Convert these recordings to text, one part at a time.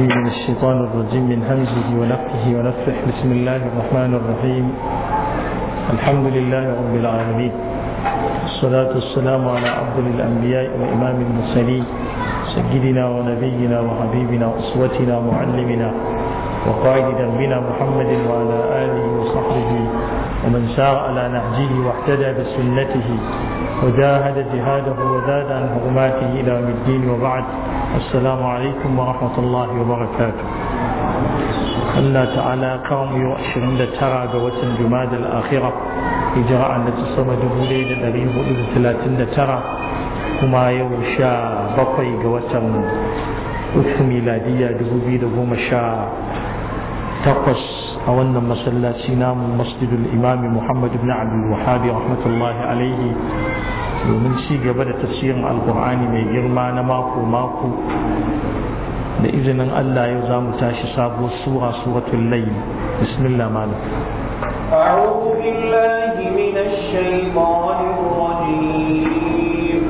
من الشيطان الرجيم من همزه ونفه ونفه بسم الله الرحمن الرحيم الحمد لله رب العالمين الصلاة والسلام على أفضل الأنبياء وإمام المرسلين سيدنا ونبينا وحبيبنا وأسوتنا معلمنا وقائد ذنبنا محمد وعلى آله وصحبه ومن سار على نهجه واهتدى بسنته وجاهد جهاده وزاد عن حرماته إلى الدين وبعد السلام عليكم ورحمة الله وبركاته أن تعالى قوم يؤشرون ترى بوس جماد الآخرة إجراء أن تصوم جمولي لدريه إذا ثلاثين ترى كما يوشى بقي جوسا أثم ميلادية دبوبي دبوم شاء تقص أولنا مسلا من مسجد الإمام محمد بن عبد الوهاب رحمة الله عليه domin ci gaba da tafsirin alkur'ani mai girma na mako-mako da izinin Allah yau za mu tashi sabo sura suratul layl bismillah malam أعوذ بالله من الشيطان الرجيم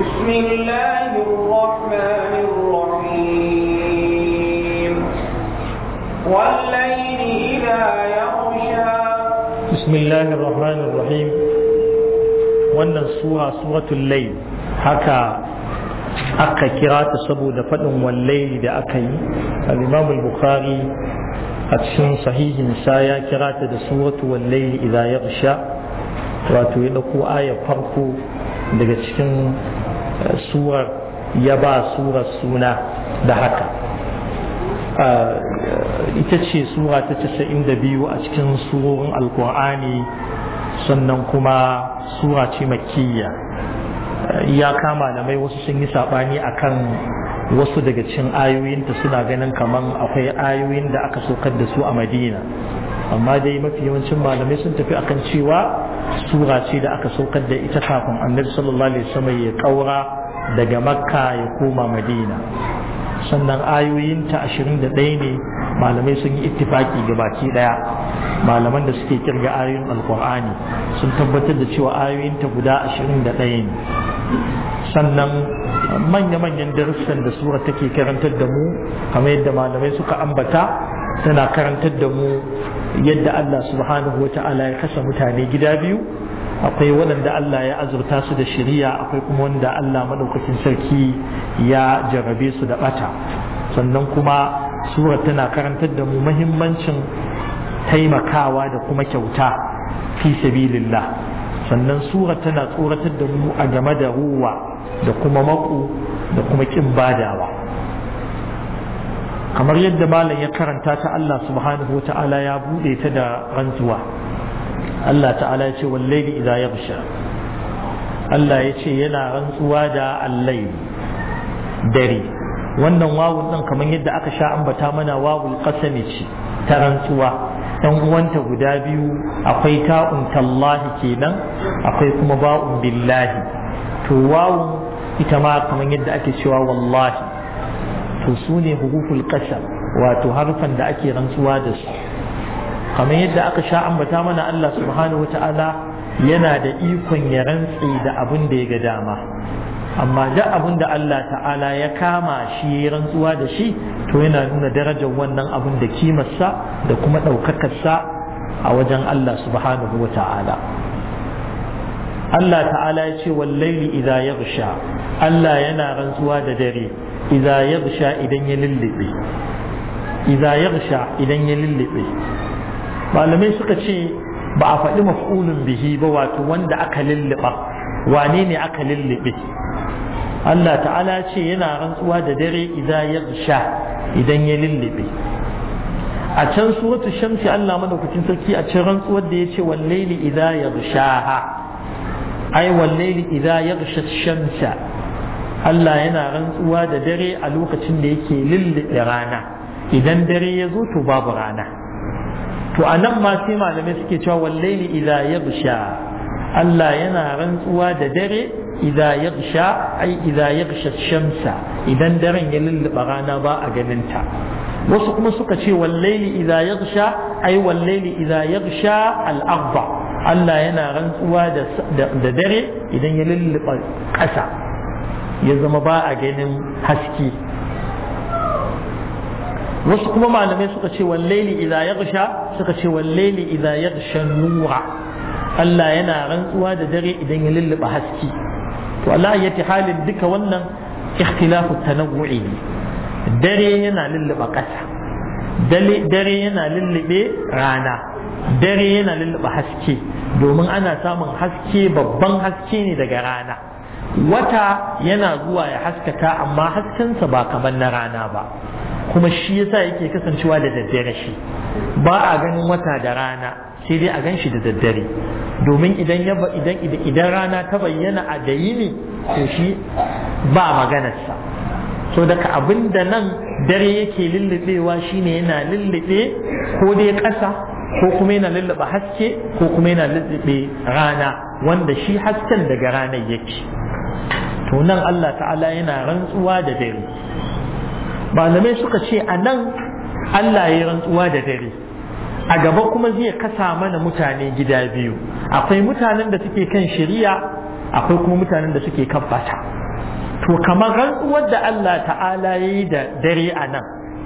بسم الله الرحمن الرحيم والليل إذا يغشى بسم wannan suwa suratul layl haka aka kira ta saboda faɗin wallai da aka yi al-imam al-bukhari a cikin sahihin sa ya kira ta da suratul wallaili idza yaghsha wato ya dauko ayar farko daga cikin eh, suwar ya ba surar suna da haka ah, ita ce sura ta 92 biyu a cikin surorin alkur'ani sannan kuma sura ce makiyya ya kama da mai wasu sun yi saɓani akan wasu daga cikin ayoyinta suna ganin kamar akwai ayoyin da aka sokar da su a madina amma dai mafi yawancin malamai sun tafi akan cewa sura ce da aka saukar da ita kafin annabi sallallahu alaihi wasallam ya kaura daga makka ya koma madina sannan ayoyinta 21 ne malamai sun yi ittifaki gabaki daya malaman da suke kirga ayoyin alkur'ani sun tabbatar da cewa ayoyin ta guda ashirin da ɗaya ne sannan manya-manyan darussan da sura take karantar da mu kamar yadda malamai suka ambata tana karantar da mu yadda Allah subhanahu wa ta'ala ya kasa mutane gida biyu akwai waɗanda Allah ya azurta su da shiriya akwai kuma wanda Allah maɗaukakin sarki ya jarrabe su da ɓata sannan kuma surar tana karantar da mu mahimmancin taimakawa da kuma kyauta fi sabilillah sannan surar tana tsoratar da mu a game da ruwa da kuma maku da kuma kin badawa kamar yadda malam ya karanta ta Allah subhanahu ta'ala ya bude ta da rantsuwa Allah ta'ala ya ce wallahi idza yabsha Allah ya ce yana rantsuwa da allai dare wannan wawun nan kamar yadda aka sha ambata mana wawul ne ce ta rantsuwa Ɗan uwanta guda biyu akwai ta'un tallahi kenan akwai kuma ba'un billahi to wawun ita ma kamar yadda ake cewa wallahi to su ne hukukul ƙasa wato harfan da ake rantsuwa da su kamar yadda aka sha ambata mana Allah subhanahu ta'ala yana da ikon ya rantsi da abin da ya ga dama amma duk abin da Allah ta'ala ya kama shi ya rantsuwa da shi to yana nuna darajar wannan abin da kimarsa da kuma ɗaukakarsa a wajen Allah subhanahu wa ta'ala Allah ta'ala ya ce wallaili idza yaghsha Allah yana rantsuwa da dare idza yaghsha idan ya lullube idza yaghsha idan ya lullube malamai suka ce ba a faɗi maf'ulun bihi ba wato wanda aka lulluɓa wane ne aka lullube Allah ta'ala ce yana rantsuwa da dare idan ya sha idan ya lullube a can suratu shamsi Allah madaukakin sarki a can rantsuwar da ya ce wallaili idan ya sha ai wallaili idan ya shamsa Allah yana rantsuwa da dare a lokacin da yake lullube rana idan dare ya zo to babu rana to a nan ma sai malamai suke cewa wallaili idan ya Allah yana rantsuwa da dare idza yaghsha ai idza yaghsha shamsa idan daren ya lulluɓa rana ba a ganin wasu kuma suka ce wallaili idza yaghsha ai wallaili idza yaghsha al-arba Allah yana rantsuwa da dare idan ya lulluɓa ƙasa ya zama ba a ganin haske wasu kuma malamai suka ce wallaili idza yaghsha suka ce wallaili idza yaghsha nura Allah yana rantsuwa da dare idan ya lulluɓa haske to ala halin duka wannan ikhtilafu tanawu'i ne dare yana lulluɓa ƙasa dare yana lullube rana dare yana lulluɓa haske domin ana samun haske babban haske ne daga rana wata yana zuwa ya haskaka amma haskensa ba kamar na rana ba kuma shi yasa yake kasancewa da daddare shi ba a ganin wata da rana sai dai a gan shi da daddare domin idan yaba idan idan rana ta bayyana a dayi ne to shi ba maganarsa so daga abinda nan dare yake lullubewa shine yana lullube ko dai ƙasa ko kuma yana lullube haske ko kuma yana lullube rana wanda shi hasken daga ranar yake to nan Allah ta'ala yana rantsuwa da dare malamai suka ce a nan Allah ya rantsuwa da dare a gaba kuma zai kasa mana mutane gida biyu akwai mutanen da suke kan shari'a akwai kuma mutanen da suke kan fata to kamar rantsuwar da Allah ta'ala ya yi da dare a nan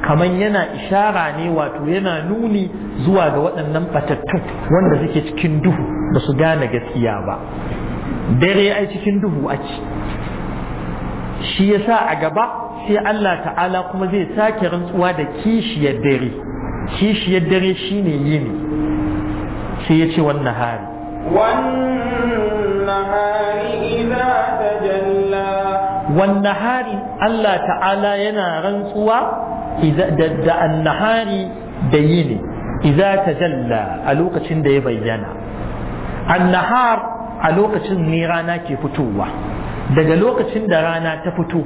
kamar yana ishara ne wato yana nuni zuwa ga waɗannan fatattun wanda suke cikin duhu ba su gane gaskiya ba dare ai cikin duhu ake shi yasa a gaba sai Allah ta'ala kuma zai sake rantsuwa da kishiyar dare kishiyar dare shine yini sai ya ce wannan hari wannan hari Allah ta'ala yana rantsuwa da annahari da yini idza tajalla a lokacin da ya bayyana annahar a lokacin ne rana ke fitowa daga lokacin da rana ta fito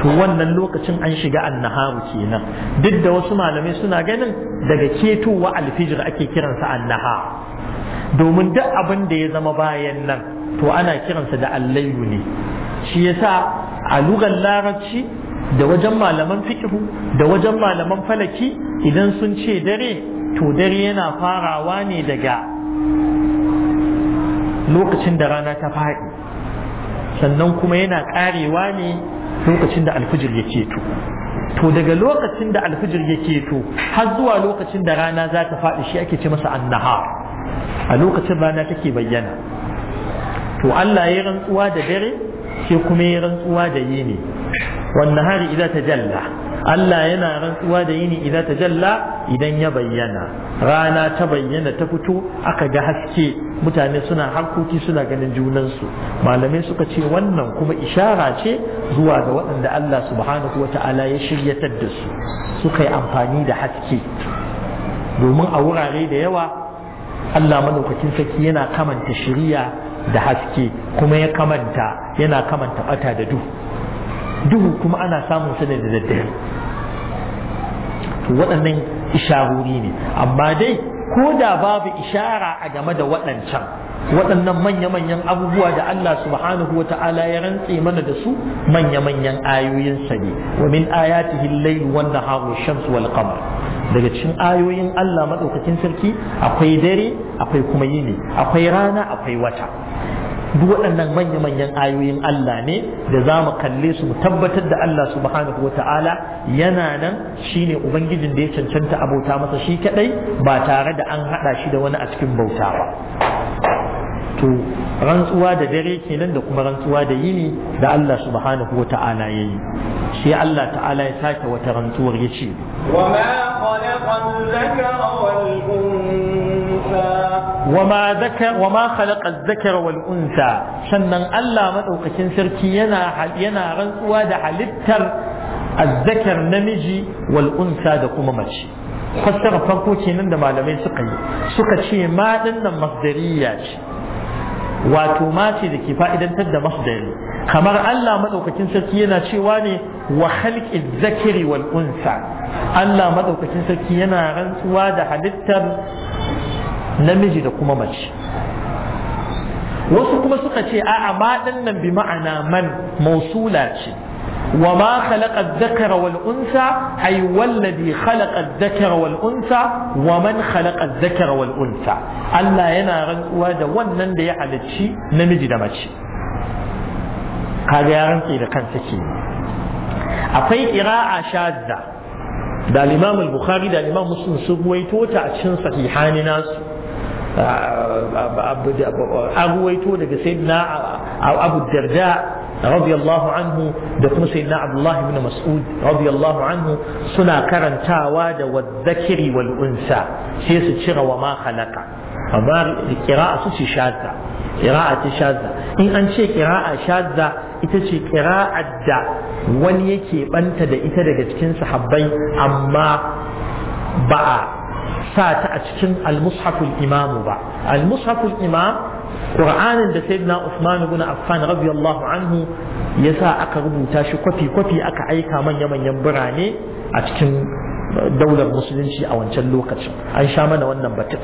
to wannan lokacin an shiga annaharu kenan duk da wasu malamai suna ganin daga ketowa alfijir ake kiransa annaha domin duk abin da ya zama bayan nan to ana kiransa da allayu ne shi yasa a lugar larabci da wajen malaman fikihu da wajen malaman falaki idan sun ce dare to dare yana farawa ne daga lokacin da rana ta faɗi sannan kuma yana ƙarewa ne lokacin da alfijir ya keto to daga lokacin da alfijir ya keto har zuwa lokacin da rana za ta faɗi shi ake ce masa annaha a lokacin rana take bayyana to Allah ya rantsuwa da dare sai kuma ya rantsuwa da yini wannan hari idan ta jalla Allah yana rantsuwa da yini idan ta jalla idan ya bayyana rana ta bayyana ta fito aka ga haske mutane suna harkoki suna ganin junansu malamai suka ce wannan kuma ishara ce zuwa ga waɗanda Allah subhanahu wata'ala ala ya shiryatar da su suka yi amfani da haske domin a wurare da yawa Allah madaukakin sarki yana kamanta shiriya da haske kuma ya kamanta yana kamanta bata da duhu duhu kuma ana samun su da daddare waɗannan isharuri ne amma dai ko da babu ishara a game da waɗancan waɗannan manya-manyan abubuwa da Allah subhanahu wa ta'ala ya rantse mana da su manya-manyan ayoyinsa ne wa min ayatihi al-layl wan naharu shams wal qamar daga cikin ayoyin Allah madaukakin sarki akwai dare akwai kuma yini akwai rana akwai wata duk waɗannan manya-manyan ayoyin Allah ne da za mu kalle su mu tabbatar da Allah subhanahu wa ta'ala yana nan shine ubangijin da ya cancanta abota masa shi kadai ba tare da an haɗa shi da wani a cikin bauta ba to rantsuwa da dare kenan da kuma rantsuwa da yini da Allah subhanahu wa ta'ala ya yi sai Allah ta'ala ya sake wata rantsuwar ya ce wa ma khalaqa wal unsa وما ذكر وما خلق الذكر والانثى sannan Allah madaukakin sarki yana rantsuwa da halittar azzakar namiji wal'unsa da kuma mace fassara farko kenan da malamai suka yi suka ce ma dinnan masdariya ce wato ma ce da ke fa'idantar da masdari kamar Allah madaukakin sarki yana cewa ne wa khalqi zakari wal unsa Allah madaukakin sarki yana rantsuwa da halittar namiji da kuma mace wasu kuma suka ce a'a ma din nan bi ma'ana man mausula ce wa ma khalaqa adh-dhakara wal unsa ay walladhi khalaqa adh-dhakara wal unsa wa man khalaqa dhakara wal unsa Allah yana rantsuwa da wannan da ya halicci namiji da mace kaga ya rantsi da kansa ke akwai qira'a shadda da al-Imam al-Bukhari da al-Imam Muslim sun waito ta a cikin sahihani nasu abu waito daga sayyidina abu darda radiyallahu anhu da kuma sayyidina abdullah ibn mas'ud radiyallahu anhu suna karantawa da wadhakiri wal'unsa unsa sai su cira wa ma khalaqa amma in an ce qira'a shaza ita ce qira'a da wani yake banta da ita daga cikin sahabbai amma ba'a. sa ta a cikin al-mushaful imam ba al-mushaful imam qur'anin da sayyidina usman ibn affan radiyallahu anhu yasa aka rubuta shi kwafi kwafi aka aika manya manyan birane a cikin daular musulunci a wancan lokacin an sha mana wannan batun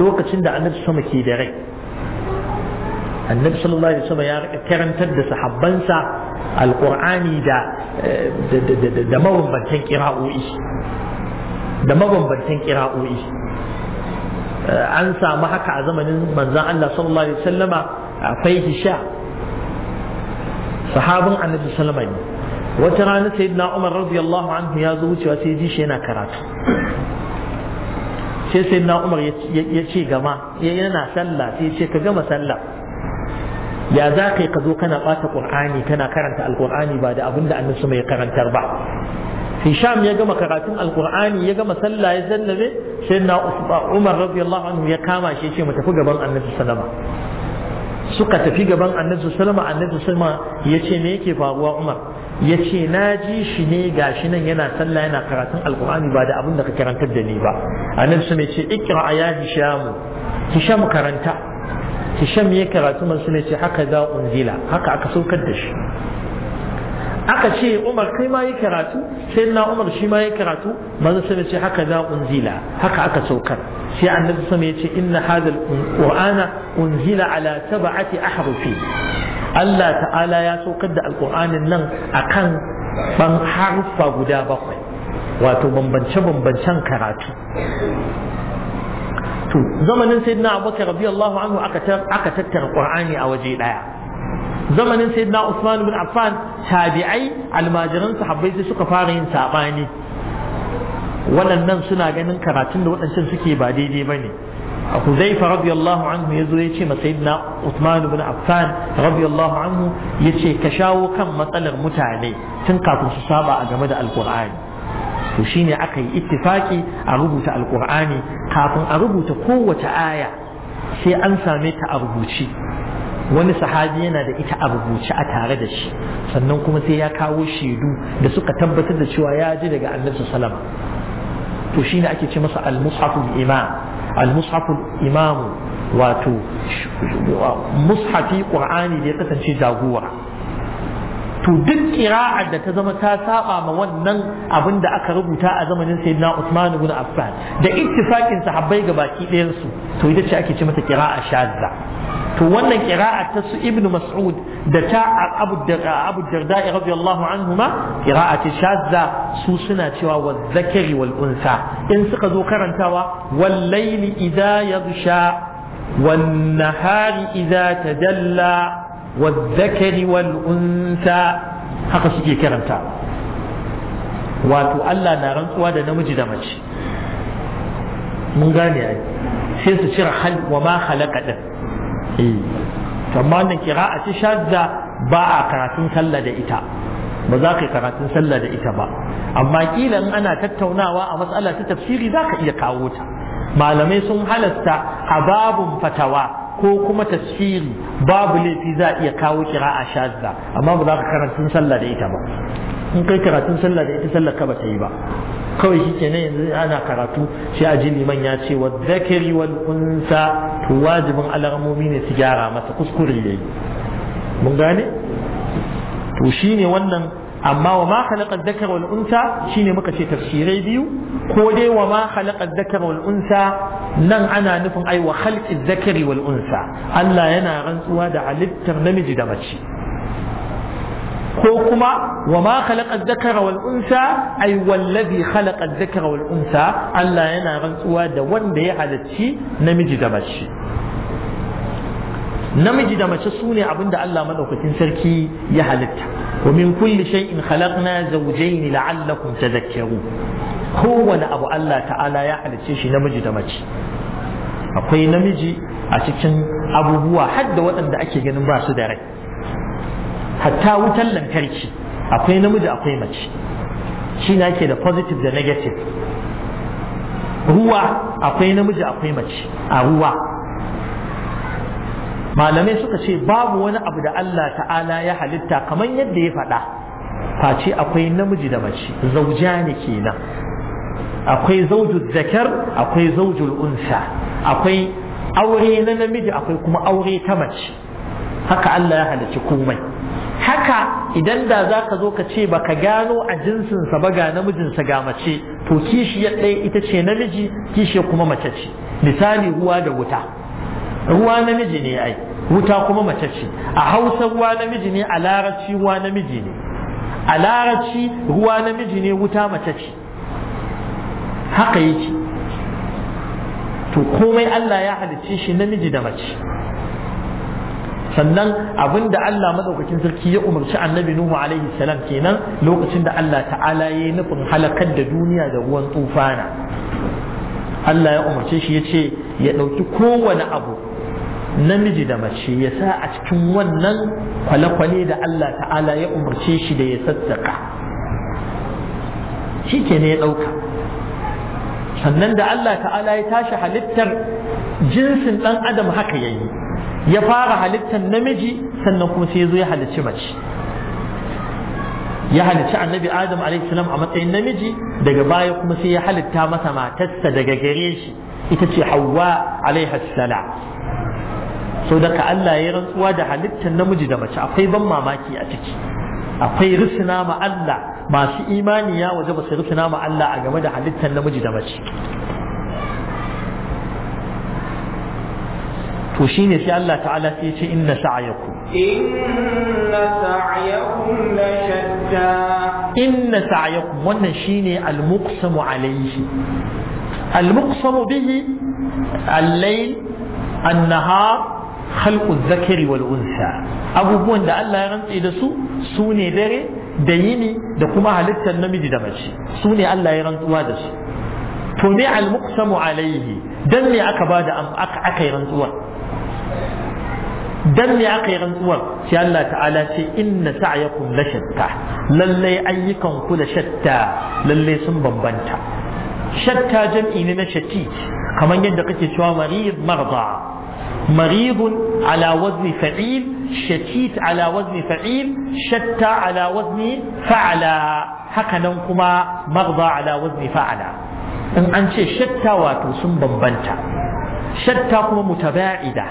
lokacin da annabi sama ke da rai annabi sallallahu alaihi wasallam ya karantar da sahabbansa alqur'ani da da mabambantan kira'o'i da mabambantan kira'o'i eh, an samu haka a zamanin manzan Allah sallallahu alaihi wasallama akwai hisha sahabin annabi sallama ne wata rana sayyidina Umar radiyallahu anhu ya zo wucewa sai ji shi yana karatu sai sayyidina Umar ya ce gama yana sallah sai ya ce ka gama sallah ya za ka yi ka zo kana ɓata ƙur'ani kana karanta alƙur'ani ba da abin da annabi ya karantar ba hisham ya gama karatun alkur'ani ya gama sallah ya sai na umar radiyallahu anhu ya kama shi ce mu tafi gaban annabi sallama suka tafi gaban annabi sallama annabi sallama ya ce me yake faruwa umar ya ce na ji shi ne gashi nan yana sallah yana karatun alkur'ani ba da abin da ka karantar da ni ba annabi sallama ya ce ikra aya hisham hisham karanta hisham ya karatu man sune ce haka za unzila haka aka saukar da shi aka ce umar kai ma yi karatu sai na umar shi ma yi karatu manzo sai ce haka za unzila haka aka saukar sai annabi sama ya ce inna hadal qur'ana unzila ala sab'ati ahrufi Allah ta'ala ya saukar da alqur'anin nan akan ban harfa guda bakwai wato bambance-bambancen karatu to zamanin sayyidina abubakar radiyallahu anhu aka tattara qur'ani a waje daya zamanin sayyidina Usman bin Affan tabi'ai almajiran sahabbai sai suka fara yin sabani waɗannan suna ganin karatun da waɗancan suke ba daidai bane Huzaifa radiyallahu anhu ya zo ya ce ma sayyidina bin ibn Affan radiyallahu anhu ya ce ka shawo kan matsalar mutane tun kafin su saba a game da alkur'ani to shine aka yi ittifaki a rubuta alkur'ani kafin a rubuta kowace aya sai an same ta a rubuci wani sahabi yana da ita a rubuce a tare da shi sannan kuma sai ya kawo shaidu da suka tabbatar da cewa ya ji daga annabi Salam to shine ake ce masa al-mushaful imam al imam wato mushafi qur'ani da ya kasance jagora to duk ƙira'ar da ta zama ta saba ma wannan abin da aka rubuta a zamanin sayyidina Usman ibn Affan da ittifaqin sahabbai ga baki ɗayan su to ita ce ake ce mata ƙira'a shadda to wannan qira'a ta su ibn mas'ud da ta abu darda abu darda radiyallahu anhuma qira'a ta shazza su suna cewa wa zakari wal unsa in suka zo karantawa wal layli idza yaghsha wan nahari idza tadalla wal zakari wal unsa haka suke karanta wato Allah na rantsuwa da namiji da mace mun gane ai sai su cire hal wa ma khalaqa din Eh. amma kira kira'a ce shadda ba a karatun sallah da ita ba za ka yi karatun sallah da ita ba amma kila in ana tattaunawa a matsala ta tafsiri za ka iya kawo ta malamai sun halasta a babun fatawa ko kuma tafsiri babu laifi za a iya kawo kira a shazza amma ba za ka karatun sallah da ita ba in kai karatun sallah da ita sallah ka ba ta yi ba kawai shi kenan yanzu ana karatu sai a ji liman ya ce wa zakari wal unsa to wajibin alamomi ne su gyara masa kuskure yayi mun gane to shine wannan amma wa ma khalaqa dhakara wal unsa shine muka ce tafsirai biyu ko dai wa ma khalaqa dhakara wal unsa nan ana nufin ai wa khalqi dhakari wal unsa Allah yana rantsuwa da halittar namiji da mace ko kuma wa ma khalaqa dhakara wal unsa ay wallazi khalaqa dhakara wal unsa Allah yana rantsuwa da wanda ya halacci namiji da mace namiji da mace sune abinda Allah madaukakin sarki ya halitta wa min kulli shay'in khalaqna zawjayn la'allakum tadhakkarun kowane abu Allah ta'ala ya halicce shi namiji da mace akwai namiji a cikin abubuwa hadda waɗanda ake ganin ba su da rai hatta wutar lantarki akwai namiji akwai mace shi na ke da positive da negative ruwa akwai namiji akwai mace a ruwa malamai suka ce babu wani abu da Allah ta'ala ya halitta kamar yadda ya faɗa face akwai namiji da mace zauja ne kenan akwai zaujul zakar akwai zaujul unsa akwai aure na namiji akwai kuma aure ta mace haka Allah ya halicci komai haka idan da za ka zo ka ce baka gano a jinsinsa ba ga namijinsa ga mace to kishiyar ɗaya ita ce namiji kishiyar kuma mace ce misali ruwa da wuta ruwa namiji ne ai wuta kuma mace ce a hausa ruwa namiji ne a larabci ruwa namiji ne a larabci ruwa namiji ne wuta mace ce haka yake to komai Allah ya halicce shi namiji da mace sannan da Allah madaukakin sarki ya umarci annabi Nuhu alaihi salam kenan lokacin da Allah ta'ala ya yi nufin halakar da duniya da ruwan tufana Allah ya umarce shi ya ce ya ɗauki kowane abu namiji da mace ya sa a cikin wannan kwale-kwale da Allah ta'ala ya umarce shi da ya sassaka shi ne ya ɗauka sannan da Allah ta'ala ya tashi halittar jinsin ɗan adam haka ya yi ya fara halittar namiji sannan kuma sai ya zo ya halicci mace ya halicci annabi adam salam a matsayin namiji daga baya kuma sai ya halitta masa matarsa daga gare shi ita ce hawa salam so daga Allah ya rantsuwa da halittar namiji da mace akwai ban mamaki a ciki akwai risina ma Allah masu imani ya waje ba su risina ma Allah a game da halittar namiji da mace to shine sai Allah ta'ala sai ce inna sa'yakum inna sa'yakum la shatta inna sa'yakum wannan shine al-muqsamu alayhi al-muqsamu bihi al-layl an zakari wal abubuwan da Allah ya rantse da su su ne dare da yini da kuma halittar namiji da mace su ne Allah ya rantsuwa dasu. su to me al muqsamu alaihi dan me aka bada aka yi rantsuwa dan me aka yi rantsuwar sai Allah ta'ala ce inna sa'yakum la shatta lalle ayyukan ku la shatta lalle sun bambanta shatta jam'i ne na shatti kamar yadda kake cewa marid marda مريض على وزن فعيل شتيت على وزن فعيل شتى على وزن فعلى هكذا كما مغضى على وزن فعلى ان انشي شتى واتو سن بمبنتا شتى كما متباعده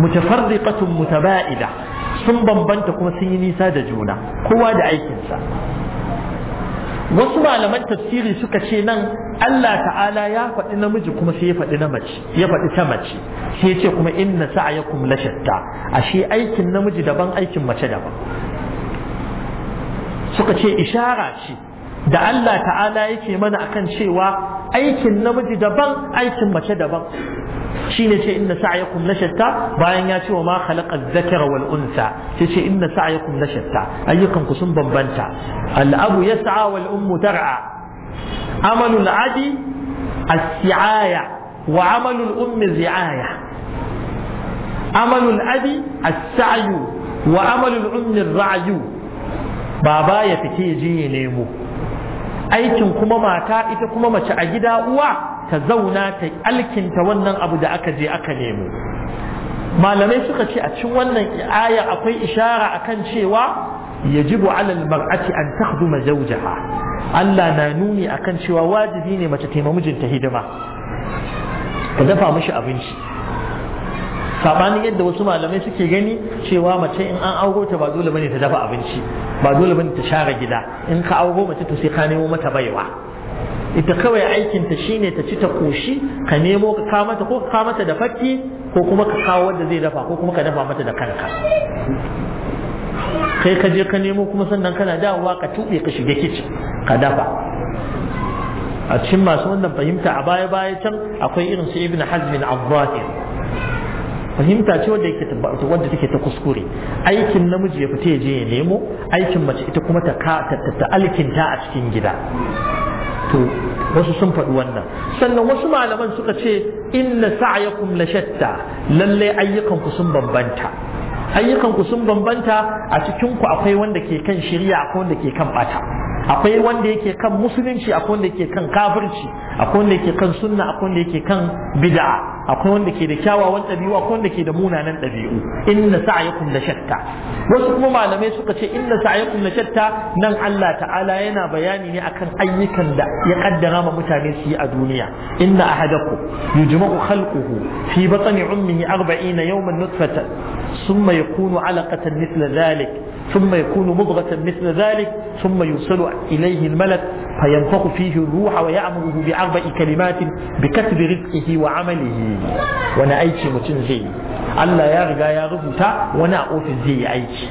mutafarriqatun mutaba'ida sun bambanta kuma sun yi nisa da juna kowa da aikinsa wasu malaman tafsiri suka ce nan Allah ta'ala ya faɗi namiji kuma sai ya faɗi na mace ya faɗi ta mace sai ya ce kuma inna sa'ayakum la shatta ashe aikin namiji daban aikin mace daban suka ce ishara ce da Allah ta'ala yake mana akan cewa aikin namiji daban aikin mace daban shine ce inna sa'yakum la bayan ya ce wa ma khalaqa dhakara wal unsa sai ce inna sa'yakum la ayyukan ku sun bambanta al-abu yas'a wal ummu tar'a amalu al-adi as'aya wa amalu al-ummi zi'aya amalu al-abi as wa amalu al-ummi ar'ayu baba ya fice je nemo aikin kuma mata ita kuma mace a gida uwa ta zauna ta alkinta wannan abu da aka je aka nemo malamai suka ce a cikin wannan aya akwai ishara akan cewa yajibu alal mar'ati an takhduma zawjaha Allah na nuni akan cewa wajibi ne mace ta mijinta hidima ta dafa mishi abinci sabanin yadda wasu malamai suke gani cewa mace in an auro ta ba dole bane ta dafa abinci ba dole bane ta share gida in ka auro mace to sai ka nemo mata baiwa ita kawai aikin ta shine ta ci ta koshi ka nemo ka kawo mata ko ka kawo mata da fakki ko kuma ka kawo wanda zai dafa ko kuma ka dafa mata da kanka kai ka je ka nemo kuma sannan kana dawowa ka tuɓe ka shiga kicin ka dafa a cikin masu wannan fahimta a baya baya can akwai irin su ibn hazmin al-zahir fahimta ce wadda yake wadda take ta kuskure aikin namiji ya fita ya je ya nemo aikin mace ita kuma ta ta alkinta a cikin gida to wasu sun faɗi wannan sannan wasu malaman suka ce inna sa'yakum la shatta lalle ayyukan ku sun bambanta ayyukan ku sun bambanta a cikin ku akwai wanda ke kan shirya akwai wanda ke kan bata akwai wanda yake kan musulunci akwai wanda yake kan kafirci akwai wanda yake kan sunna akwai wanda yake kan bid'a akwai wanda ke da kyawawan ɗabi'u akwai wanda ke da munanan ɗabi'u inna sa'yakum la shatta wasu kuma malamai suka ce inna sa'yakum la shatta nan Allah ta'ala yana bayani ne akan ayyukan da ya kaddara ma mutane su yi a duniya inna ahadakum yujma'u khalquhu fi batni ummihi 40 yawman nutfatan summa yakunu 'alaqatan mithla dhalik ثم يكون مضغة مثل ذلك ثم يوصل إليه الملك فينفخ فيه الروح ويعمله بأربع كلمات بكسب رزقه وعمله وانا أيشي متن زي الله يا رجا يا ربوتا وانا أوفي زي أيشي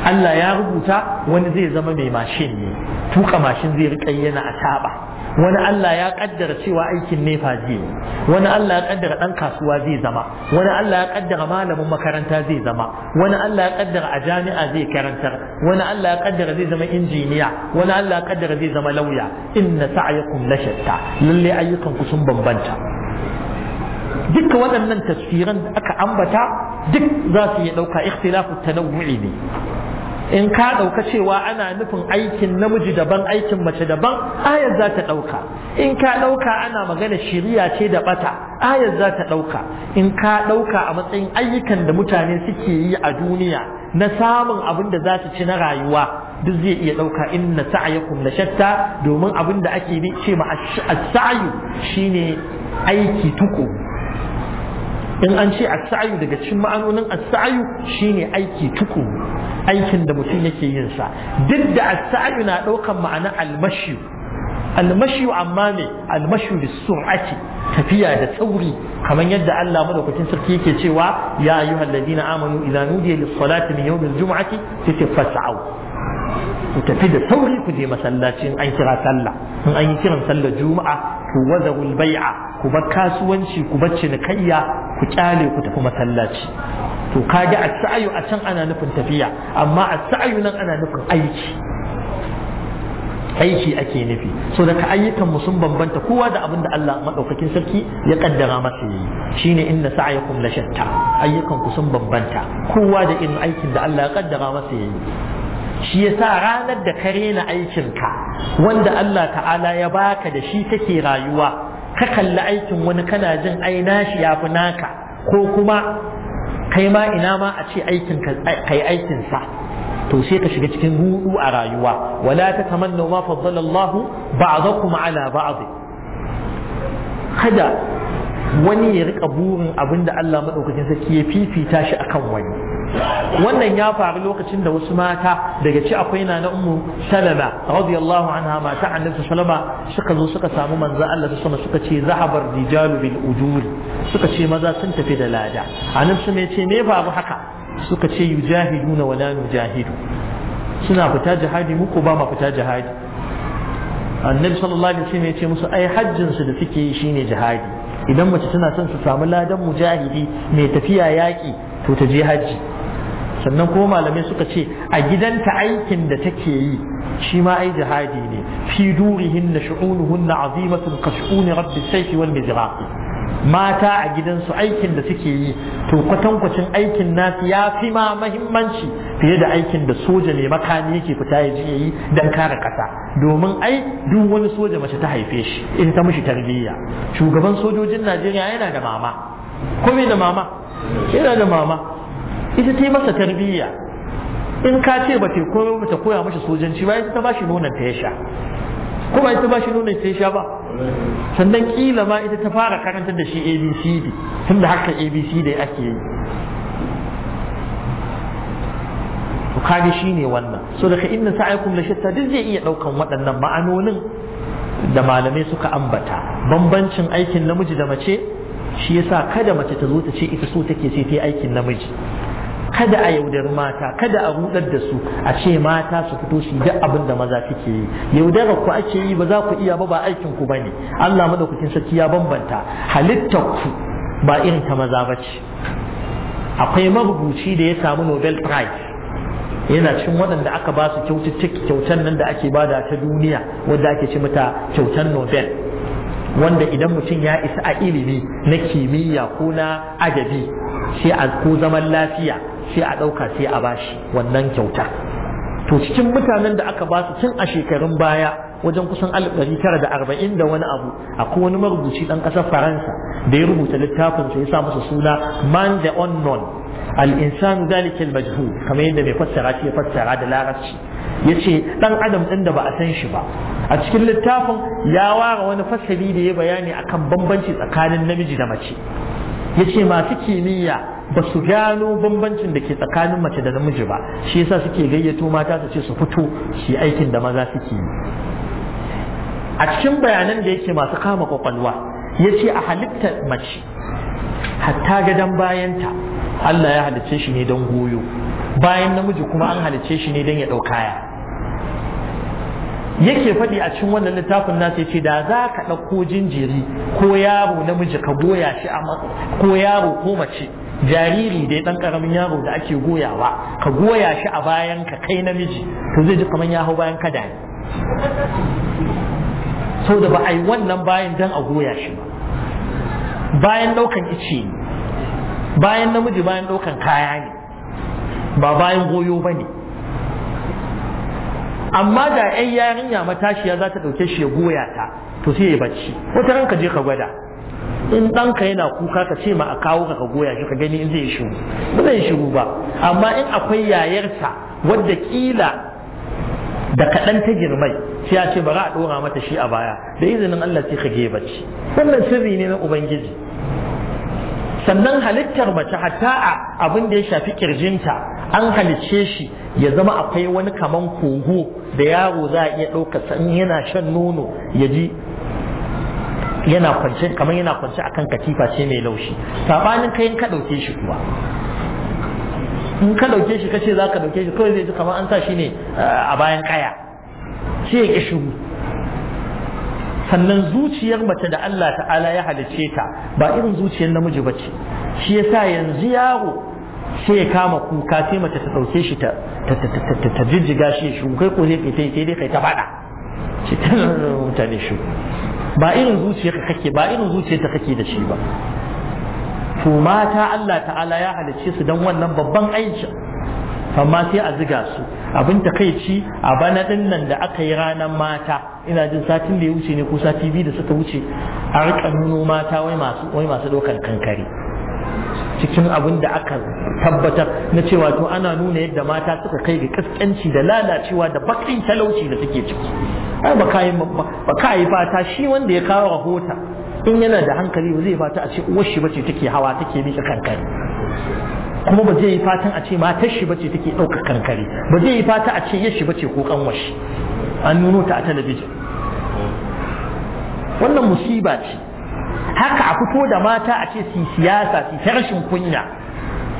Allah ya rubuta wani zai zama mai mashin ne tuka mashin أتابع wani Allah ya kaddara cewa aikin nefa zai yi wani Allah ya kaddara dan kasuwa zai zama wani Allah ya kaddara malamin makaranta zai zama wani Allah ya kaddara a jami'a zai karantar wani Allah ya kaddara zai zama injiniya wani Allah ya kaddara zai zama lauya inna sa'yakum la shatta lalle ayyukan ku sun bambanta duka waɗannan tafsiran da aka ambata duk za su iya ɗauka ikhtilafu tanawu'i ne in ka ɗauka cewa ana nufin aikin namiji daban aikin mace daban ayar za ta ɗauka in ka ɗauka ana magana shiriya ce da ɓata ayar za ta ɗauka in ka ɗauka a matsayin ayyukan da mutane suke yi a duniya na samun abin da za su ci na rayuwa duk zai iya ɗauka inna sa'ayakum la shatta domin abin da ake ce ma as-sa'yu shine aiki tuku in an ce as-sa'yu daga cikin ma'anonin as-sa'yu shine aiki tuku aikin da mutum yake yin sa duk da as-sa'yu na daukan ma'ana al-mashyu al-mashyu amma ne al-mashyu bis-sur'ati tafiya da tsauri kamar yadda Allah madaukakin sarki yake cewa ya ayyuhal ladina amanu idza nudiya lis-salati min yawmil jum'ati fas'au ku tafi da sauri ku je masallaci an kira sallah in an yi kiran Sallah, juma'a ku wazarul bai'a ku bar kasuwanci ku bar cinikayya ku kyale ku tafi masallaci to kaga a sa'ayu a can ana nufin tafiya amma a sa'ayu nan ana nufin aiki aiki ake nufi so daga ayyukan mu sun bambanta kowa da abin da Allah madaukakin sarki ya kaddara masa yi, shine inna sa'yakum la shatta ayyukan ku sun bambanta kowa da irin aikin da Allah ya kaddara masa yi. shi yasa ranar da ka rena aikinka wanda Allah ta'ala ya baka da shi kake rayuwa ka kalli aikin wani kana jin shi ya yafi naka ko kuma kai ma ina ma a ce aikin kai aikinsa? sa to sai ka shiga cikin hudu a rayuwa wala ta tamanna ma faddala Allah ba'dakum ala ba'd kada wani ya rika burin abinda Allah madaukakin sarki ya fifita shi akan wani wannan ya faru lokacin da wasu mata daga ci akwai na ummu salama radiyallahu anha mata annabi salama suka zo suka samu manzo Allah ta sama suka ce zahabar rijalu bil ujur suka ce maza sun tafi da lada annabi sama ce me babu haka suka ce yujahiduna wala nujahidu suna fita jihadi muku ba ma fita jihadi annabi sallallahu alaihi wasallam ya ce musu ai hajjin su da suke yi shine jihadi idan mace tana son su samu ladan mujahidi mai tafiya yaƙi to ta je hajji sannan kuma malamai suka ce a gidanta aikin da take yi shi ma ai jihadi ne fi durihin na shu'unuhun na azimatun ka shu'uni rabbi saifi wal mata a gidansu aikin da suke yi to kwatankwacin aikin nasu ya fi ma mahimmanci fiye da aikin da soja ne makani yake fita ya je yi don kare kasa domin ai duk wani soja mace ta haife shi in ta mishi tarbiyya shugaban sojojin Najeriya yana da mama kome da mama yana da mama ita ta yi masa tarbiyya in ka ce ba ta koyo ba ta koya mashi sojanci ba ita ta ba shi nonon ta ya sha ko ba ita ba shi nonon ta ya ba sannan kila ma ita ta fara karantar da shi abcd da haka abcd ake yi to shi ne wannan so daga inna sa'aikum la shatta duk zai iya daukan waɗannan ma'anonin da malamai suka ambata bambancin aikin namiji da mace shi yasa kada mace ta zo ta ce ita so take sai ta aikin namiji kada a yaudari mata kada a rudar da su a ce mata su fito su duk abin da maza suke yi yaudarar ku ake yi ba za ku iya ba ba aikin ku bane Allah madaukakin sarki ya bambanta halittar ku ba irin ta maza bace akwai marubuci da ya samu Nobel Prize yana cin waɗanda aka ba su kyautan nan da ake bada ta duniya wanda ake ci mata kyautan Nobel wanda idan mutum ya isa a ilimi na kimiyya ko na adabi sai a ko zaman lafiya sai a ɗauka sai a bashi wannan kyauta to cikin mutanen da aka basu tun a shekarun baya wajen kusan alif ɗari tara da arba'in da wani abu akwai wani marubuci ɗan ƙasar faransa da ya rubuta littafin sa ya sa masa suna man the unknown al-insanu zalika al-majhul kamar yadda mai fassara shi ya fassara da larabci yace dan adam ɗin da ba a san shi ba a cikin littafin ya ware wani fasali da ya bayani akan bambanci tsakanin namiji da mace yace masu kimiyya ba su gano bambancin da ke tsakanin mace da namiji ba shi yasa suke gayyato mata su ce su fito su aikin da maza suke yi a cikin bayanan da yake masu kama kwakwalwa ya ce a halittar mace hatta gadon bayanta Allah ya halicce shi ne don goyo bayan namiji kuma an halicce shi ne don ya ɗau kaya yake faɗi a cikin wannan littafin ya ce da za ka ɗauko jinjiri ko yaro namiji ka goya shi a ko yaro ko mace jariri dai dan karamin yaro da ake goyawa ka goya shi a bayan ka kai namiji to zai ji kamar ya hau bayan ka da so da ba a yi wannan bayan dan a goya shi ba bayan daukan ice ne bayan namiji bayan daukan kaya ne ba bayan goyo ba ne amma da 'yan yarinya matashiya za ta ɗauke shi ya goya ta to sai ya bacci wata ranka je ka gwada in ɗanka yana kuka ka ce ma a kawo ka goya shi ka gani in zai shigo ba zai shigo ba amma in akwai yayarsa wadda kila da kaɗan ta girmai sai ya ce ba za a ɗora mata shi a baya da izinin Allah sai ka gebaci wannan sirri ne na ubangiji sannan halittar mace hatta a abin da ya shafi kirjinta an halicce shi ya zama akwai wani kaman kogo da yaro za a iya ɗauka in yana shan nono ya ji yana kwance kamar yana kwance akan katifa ce mai laushi sabanin kai in ka dauke shi kuwa in ka dauke shi kace zaka dauke shi kawai zai ji kamar an sa shi ne eh, a bayan kaya Shi ya ki shiru sannan zuciyar mace da Allah ta'ala ya halice ta ba irin zuciyar namiji ba shi yasa yanzu yaro sai ya kama kuka sai mace ta ɗauke shi ta jijjiga shi shi kai ko zai kai sai dai kai ta faɗa Shi ta mutane shi ba irin ka kake ba irin ta kake da shi ba to mata Allah ta'ala ya halicce su dan wannan babban aiki amma sai a ziga su abin takaici a bana din nan da aka yi ranar mata ina jin satin da ya wuce ne ko sati biyu da suka wuce a rika nuno mata wai masu wai masu dokar kankare cikin abin da aka tabbatar na cewa to ana nuna yadda mata suka kai ga kaskanci da lalacewa da bakin talauci da suke ciki ai ba kai ba yi fata shi wanda ya kawo rahota in yana da hankali ba zai fata a ce uwar shi bace take hawa take mishi kankare kuma ba zai yi fatan a ce matar shi bace take dauka kankare ba zai yi fata a ce yar shi bace ko kanwar shi an nuno ta a talabijin wannan musiba ce haka a fito da mata a ce su siyasa su ta rashin kunya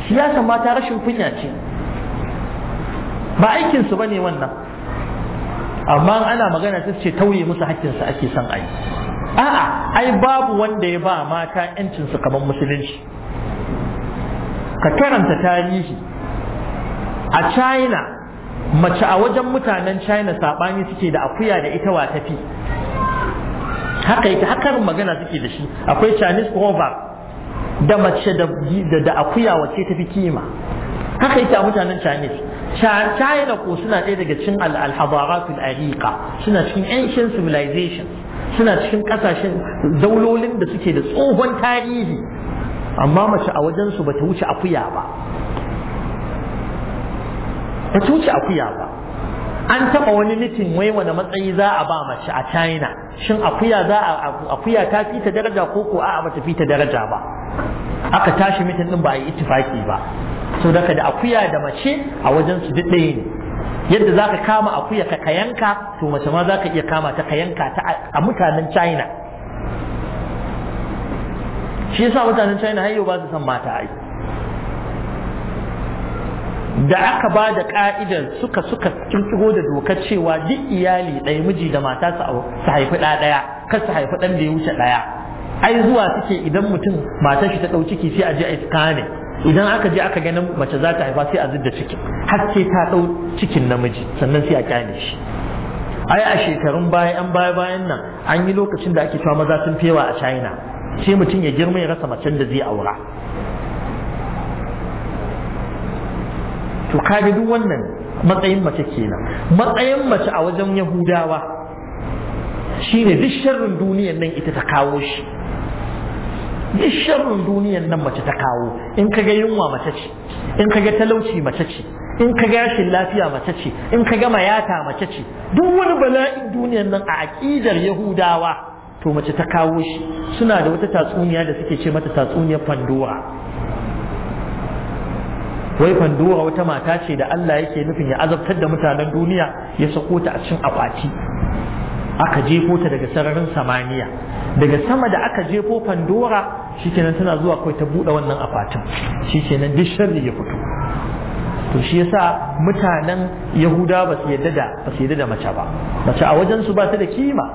siyasa mata rashin kunya ce ba aikin su bane wannan amma ana magana ta ce tauye musu hakkin su ake son ai a'a ai babu wanda ya ba mata yancin su kamar musulunci ka karanta tarihi a China mace a wajen mutanen China sabani suke da akuya da ita wa tafi haka yake hakarin magana suke da shi akwai chinese proverb da mace da akuya wace tafi kima haka yake a mutanen chinese china ko suna ɗaya daga cikin alhabaratul ariqa suna cikin ancient civilization suna cikin ƙasashen daulolin da suke da tsohon tarihi amma mace a wajensu su bata wuce akuya ba ta wuce akuya ba an taɓa wani mitin wai wani matsayi za a ba mace a china shin akuya za a akuya ta fi ta daraja ko ko a'a bata fi ta daraja ba aka tashi mitin din ba a yi ittifaki ba so ka da akuya da mace a wajen su duk ɗaya ne yadda zaka kama akuya ka kayanka to mace ma za ka iya kama ta kayanka ta a mutanen china shi yasa mutanen china har yau ba su san mata ai da aka ba da ka'idar suka suka kirkiro da dokar cewa duk iyali ɗaya miji da mata su haifi ɗa ɗaya kar su haifi ɗan da ya wuce ɗaya ai zuwa suke idan mutum matar shi ta ɗau ciki sai a je a tsakane idan aka je aka ganin mace za ta haifa sai a zidda ciki har sai ta ɗau cikin namiji sannan sai a kyale shi ai a shekarun baya an baya bayan nan an yi lokacin da ake cewa maza sun fewa a china sai mutum ya girma ya rasa macen da zai aura to kaga duk wannan matsayin mace kenan matsayin mace a wajen yahudawa shine duk sharrin duniyar nan ita ta kawo shi duk sharrin duniyar nan mace ta kawo in kaga yunwa mace ce in kaga talauci mace ce in kaga rashin lafiya mace ce in ka gama yata mace ce duk wani bala'in duniyar nan a aƙidar yahudawa to mace ta kawo shi suna da wata tatsuniya da suke ce mata tatsuniyar fandora wai fandora wata mata ce da Allah yake nufin ya azabtar da mutanen duniya ya sako ta a cikin akwati aka jefo ta daga sararin samaniya daga sama da aka jefo fandora shikenan tana zuwa kai ta bude wannan akwatin shikenan duk sharri ya fito to shi yasa mutanen yahuda ba su yadda da ba su yadda da mace ba mace a wajen su ba ta da kima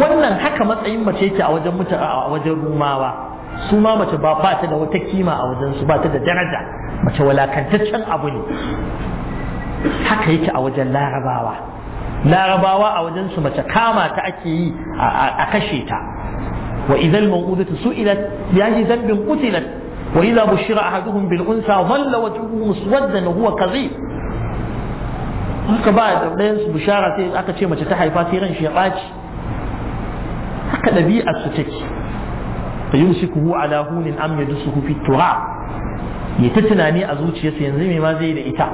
wannan haka matsayin mace yake a wajen a wajen rumawa su ma mace ba ba ta da wata kima a wajen su ba ta da daraja mace walakantaccen abu ne haka yake a wajen larabawa larabawa a wajen su mace kama ta ake yi a kashe ta wa idan mawudatu su'ilat yaji zambin qutilat wa idza bushira ahaduhum bil unsa dhalla wajhuhu muswaddan huwa kadhib haka ba da ɗayan su bushara sai aka ce mace ta haifa sai ran shi ya ɓaci haka ɗabi'ar su take fa yumsikuhu ala hunin am yadsuhu fi turab ya ta tunani a zuciyarsa yanzu me ma zai da ita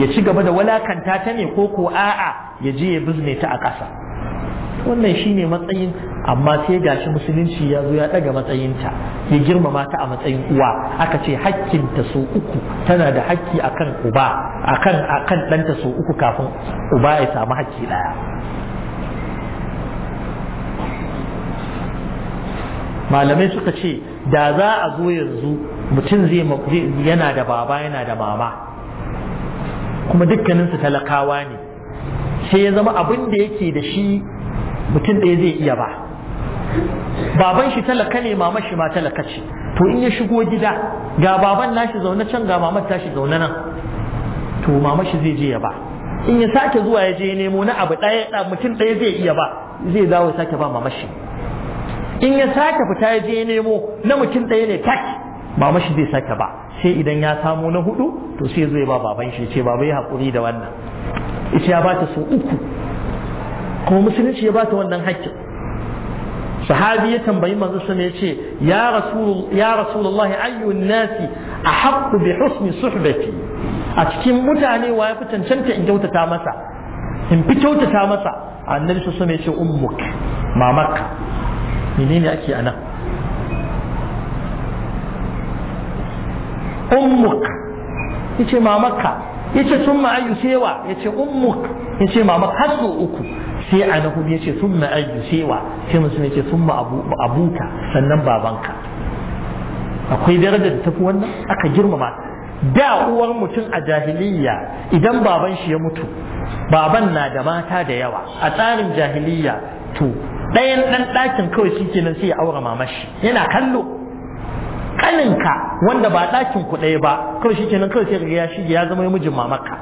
ya ci gaba da walakanta ta ne ko ko a'a ya je ya bizne ta a ƙasa wannan shine matsayin amma sai gashi musulunci ya zo ya daga matsayinta ya girmama ta a matsayin uwa aka ce hakkinta so uku tana da hakki akan uba akan akan ɗanta so uku kafin uba ya samu hakki ɗaya malamai suka ce da za a zo yanzu mutum zai yana da baba yana da mama kuma dukkaninsu talakawa ne sai ya zama abin da yake da shi mutum ɗaya zai iya ba baban shi talaka ne mama shi ma talaka ce to in ya shigo gida ga baban nashi zaune can ga mamar tashi zaune nan to mama shi zai je ya ba in ya sake zuwa ya je nemo na abu ɗaya mutum ɗaya zai iya ba zai dawo sake ba mama shi in ya sake fita ya je nemo na mutum ɗaya ne tak ba mashi zai sake ba sai idan ya samu na hudu to sai zai ba baban shi ce baba ya haƙuri da wannan ita ya bata sau uku kuma musulunci ya bata wannan haƙƙin sahabi ya tambayi manzo sama ya ce ya rasul ya rasulullahi ayyun nasi ahaqqu bi husni suhbati a cikin mutane wa ya fi cancanta in kyautata masa in fi kyautata masa annabi su sama ya ce ummuk mamak menene ake ana ummuk yace mamaka yace summa ayu sewa yace ummuk yace mamaka har so uku sai a na hudu yace summa ayu sewa sai musu yace summa abu abuka sannan babanka akwai darajar da tafi wannan aka girmama da uwar mutum a jahiliya idan baban shi ya mutu baban na da mata da yawa a tsarin jahiliya to ɗayan ɗan ɗakin kawai shi kenan sai ya aure mamashi yana kallo kaninka wanda ba ɗakin ku ɗaya ba kawai shi kenan kawai sai ya shige ya zama mijin mamaka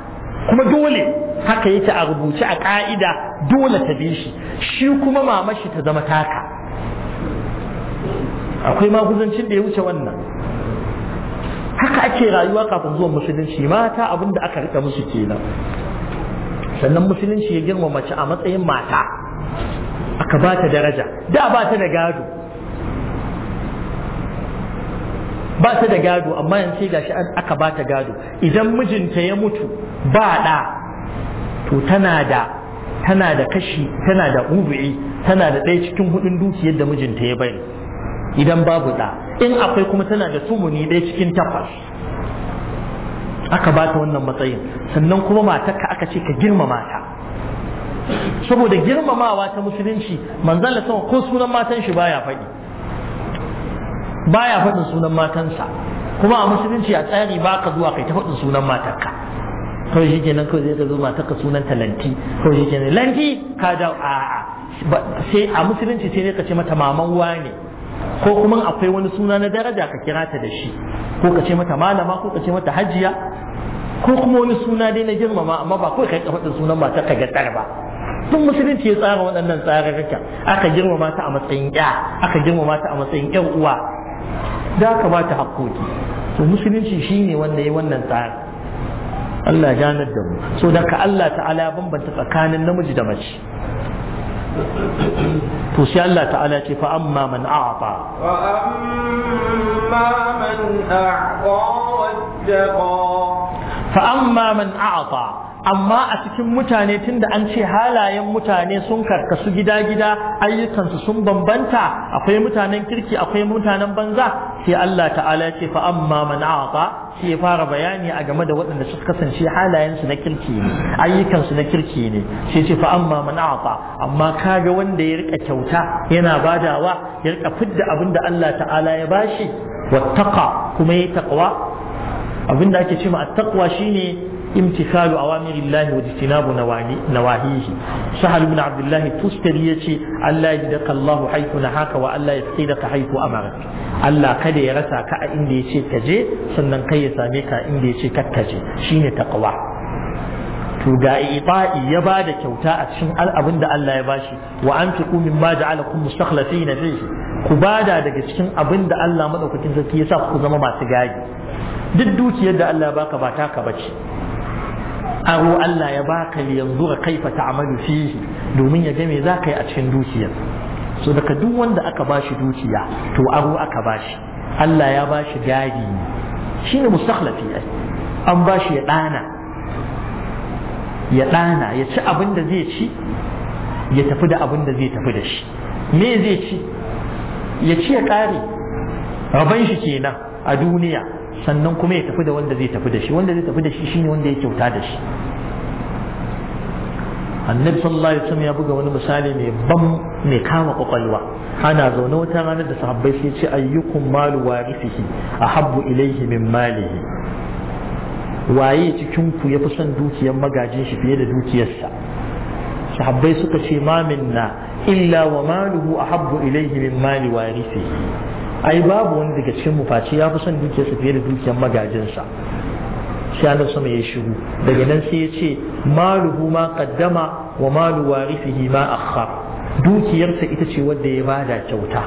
kuma dole haka yake a rubuce a ƙa'ida dole ta bi shi shi kuma mamashi ta zama taka akwai maguzancin da ya wuce wannan haka ake rayuwa kafin zuwan musulunci mata abin da aka rika musu kenan sannan musulunci ya girma mace a matsayin mata aka ba ta daraja da ba ta da gado ba ta da gado amma yanzu shi aka ba ta gado idan mijinta ya mutu ba ɗa to tana da tana da kashi tana da ubu'i tana da ɗaya cikin hudun dukiyar da mijinta ya bari idan babu ɗa in akwai kuma tana da sumuni ɗaya cikin takwas aka ba ta wannan matsayin sannan kuma mata ka aka ce ka girmama ta saboda girmamawa ta musulunci manzan da sama ko sunan matan shi baya faɗi baya faɗin sunan matansa kuma a musulunci a tsari ba ka zuwa kai ta faɗin sunan matarka kawai shi kenan kawai zai ka zo matarka sunan ta lanti kawai shi kenan lanti ka da a'a sai a musulunci sai ka ce mata maman ne, ko kuma akwai wani suna na daraja ka kira ta da shi ko ka ce mata malama ko ka ce mata hajiya ko kuma wani suna dai na girmama amma ba kawai kai ka faɗin sunan matarka ga tsar ba tun musulunci ya tsara waɗannan tsararrukan aka girmama ta a matsayin ya aka girmama ta a matsayin yan uwa da ka ba ta hakkoki to musulunci shine wanda ya wannan tsari Allah ya janar da mu so da ka Allah ta'ala ya bambanta tsakanin namiji da mace to sai Allah ta'ala ce fa amma man a'ata wa amma man a'ta a'ata fa amma man a'ata amma a cikin mutane tunda an ce halayen mutane sun karkasu gida-gida ayyukansu sun bambanta akwai mutanen kirki akwai mutanen banza sai Allah ta'ala ce fa amma man a'ata sai ya fara bayani a game da waɗanda suka kasance halayensu na kirki ne ayyukansu na kirki ne sai ce fa amma man a'ata amma kaga wanda ya rika kyauta yana badawa ya rika fidda abin da Allah ta'ala ya bashi wattaqa kuma ya taqwa abin da ake ce a at-taqwa shine imtithalu awamirillahi wa jitinabu nawahihi sahal ibn abdullah tustari yace Allah ya jidaka Allah haythu nahaka wa Allah ya tsidaka haythu amarak Allah kada ya rasa ka inda yace kaje, sannan kai ya same ka inda yace kar Shi ne shine taqwa to ga ifa'i ya bada kyauta a cikin abin da Allah ya bashi wa kumin anfiqu mimma ja'alakum mustakhlifina fihi ku bada daga cikin abin da Allah madaukakin sarki ya sa ku zama masu gadi duk dukiyar da Allah baka ba taka bace aro Allah ya baka yanzu yanzura kaifa amalu fihi domin ya ga za ka yi a cikin dukiyar so daga duk wanda aka bashi dukiya to aro aka bashi Allah ya bashi gadi shine mustakhlafi an bashi ya ya ɗana, ya ci abin da zai ci ya tafi da abin da zai tafi da shi me zai ci ya ci ya kare rabon shi kenan a duniya sannan kuma ya tafi da wanda zai tafi da shi wanda zai tafi da shi shine wanda ya kyauta da shi annabi sallallahu alaihi wasallam ya buga wani misali mai ban mai kama kwakwalwa ana zaune wata ranar da sahabbai sai ce ayyukum malu warisihi ahabbu ilaihi min malihi waye cikin ku yafi son dukiyar magajin shi fiye da dukiyarsa sahabbai suka ce ma minna illa wa maluhu ahabbu ilaihi min mali warisihi ai babu wani daga cikin mufaci ya fi son dukiyarsa fiye da dukiyar magajinsa sai Allah sama ya shiru. daga nan sai ya ce maluhu ma qaddama wa malu warithihi ma akha dukiyarsa ita ce wadda ya bada kyauta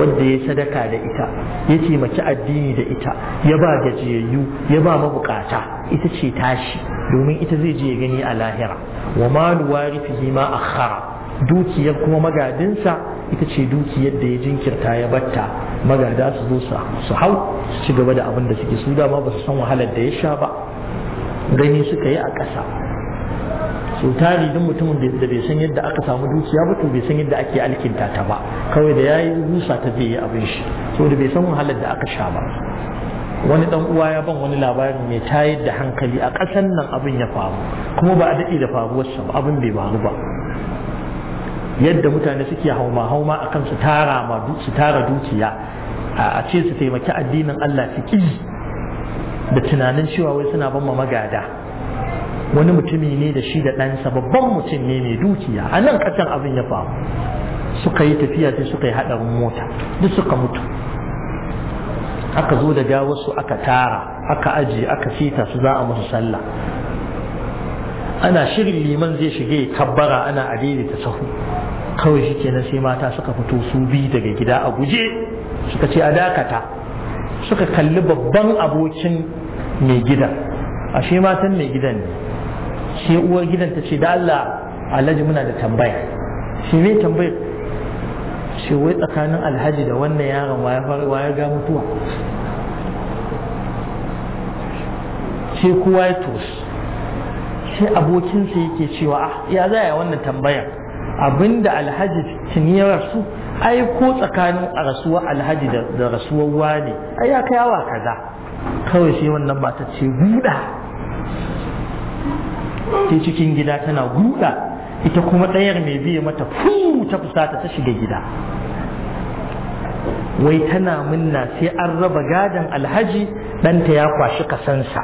wadda ya sadaka da ita ya taimaki addini da ita ya ba gajiyayyu ya ba mabukata ita ce tashi domin ita zai je ya gani a lahira wa malu warithihi ma akhara dukiyar kuma magadinsa ita ce dukiyar da ya jinkirta ya batta magada su zo su hau su ci gaba da abin da suke su dama ba su san wahalar da ya sha ba gani suka yi a ƙasa so tari mutumin da bai san yadda aka samu dukiya ba to bai san yadda ake alkinta ta ba kawai da yayi rusa ta zai yi abin shi so da bai san wahalar da aka sha ba wani dan uwa ya ban wani labarin mai tayar da hankali a ƙasan nan abin ya faru kuma ba a daɗe da faruwarsa ba abin bai faru ba yadda mutane suke hauma hauma akan su tara ma su tara dukiya a ce su taimaki addinin Allah su ki da tunanin cewa wai suna ban ma magada wani mutumi ne da shi da ɗansa babban mutum ne mai dukiya a nan kacan abin ya faru suka yi tafiya sai suka yi haɗarin mota duk suka mutu aka zo da gawarsu aka tara aka ajiye aka sita su za a musu sallah ana shirin liman zai shige kabbara ana adiri ta sahu kawai shi kenan sai mata suka fito su bi daga gida a guje suka ce a dakata suka kalli babban abokin mai gida shi matan mai gidan ne sai uwar gidan ta ce da Allah alhaji muna da tambaya shi mai tambayar shi wai tsakanin alhaji da wannan yaron waya ga mutuwa sai kuwa ya tosu sai abokinsa yake cewa ah ya zaya wannan tambayar abinda alhaji tuni ya rasu ai ko tsakanin a rasuwar alhaji da rasuwar wani ai ya kai awa kaza kawai sai wannan mata ce guda ke cikin gida tana guda ita kuma ɗayar mai biye mata fuu ta fusata ta shiga gida wai tana minna sai an raba gadon alhaji ɗanta ya kwashi kasansa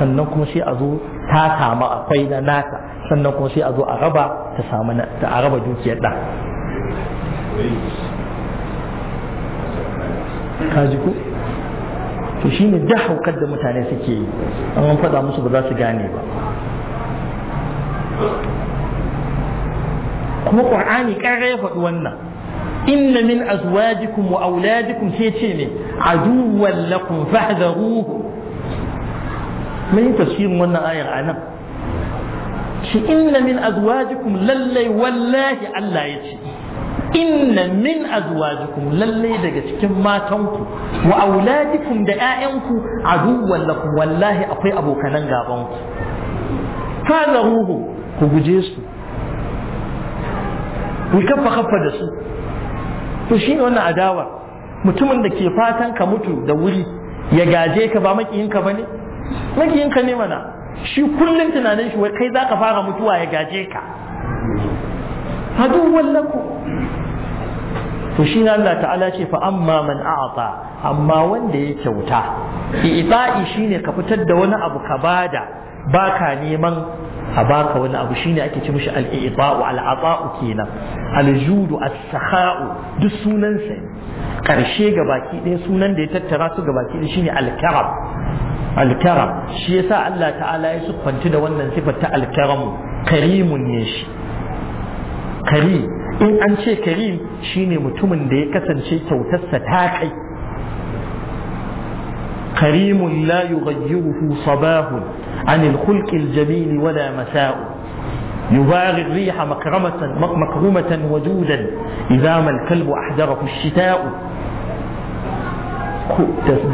sannan kuma sai a zo ta samu akwai na nata sannan kuma sai a zo a raba ta samu ta a raba dukiyar ɗan kaji ko to ne da haukar da mutane suke yi an faɗa musu ba za su gane ba kuma ƙur'ani ƙarar ya faɗi wannan inna min azwajikum wa auladikum sai ce ne aduwwan lakum fahdharuhu mai tafsirin wannan ayar a nan shi inna min azwajikum lallai wallahi Allah ya ce inna min azwajikum lallai daga cikin matanku wa auladikum da ƴaƴanku aduwwan lakum wallahi akwai abokanan gaban ku ruhu ku guje su ku kafa kafa da su to shi wannan adawa mutumin da ke fatan ka mutu da wuri ya gaje ka ba makiyinka bane makiyinka ne mana shi kullum tunanin shi wai kai za ka fara mutuwa ya gaje ka aduwwan lakum to shi Allah ta'ala ce fa amma man a'ata amma wanda ya kyauta ita'i shine ka fitar da wani abu ka bada baka neman a baka wani abu shine ake ce mishi al-i'ta'u al-ata'u kenan al-judu as-sakha'u duk sunan sa karshe baki ɗaya sunan da ya tattara su ga baki ɗaya shine al-karam alkaram shi yasa Allah ta'ala ya siffanci da wannan sifar ta alkaramu karimun ne shi karim in an ce karim shine mutumin da ya kasance kyautarsa ta kai karimun la yughayyiruhu sabahun an alkhulqi aljamil wala masa'u يباغي الريح مكرمة مكرمة وجودا إذا ما الكلب أحجره الشتاء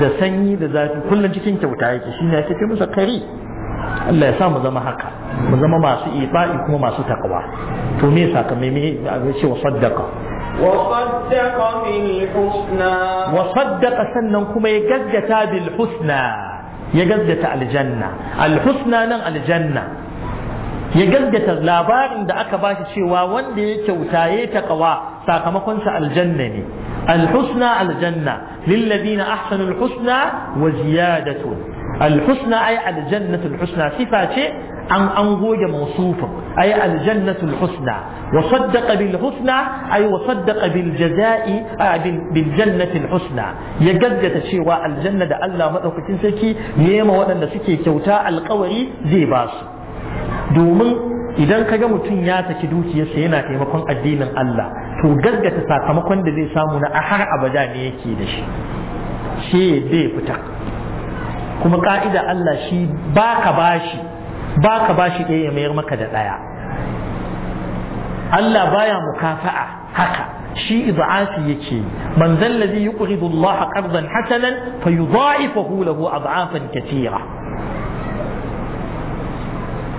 da sanyi da zafi kullum cikin kyauta yake shine ya ce musa kari Allah ya sa mu zama haka mu zama masu ifa'i kuma masu takwa to me sakamai me ya ce wa saddaka wa saddaqa bil husna wa saddaqa sannan kuma ya gaggata bil husna ya gaggata aljanna al nan aljanna ya gaggata labarin da aka bashi cewa wanda ya kyauta ya takawa sakamakon sa aljanna ne الحسنى الجنة للذين أحسنوا الحسنى وزيادة الحسنى أي الجنة الحسنى صفة أن أنغوي موصوفة أي الجنة الحسنى وصدق بالحسنى أي وصدق بالجزاء بالجنة الحسنى يجد شيء الجنة دا الله مدوكتين سكي نيما ودن سكي كوتاء القوري زي باس دومن idan kaga mutum ya saki dukiyarsa yana taimakon addinin Allah to gaggata sakamakon da zai samu na har abada ne yake da shi shi zai fita kuma ka'ida Allah shi baka bashi baka bashi ɗaya ya mayar maka da ɗaya Allah baya mukafa'a haka shi id'afi yake man zallazi yuqridu Allah qardan hasanan fayudha'ifahu lahu ad'afan katira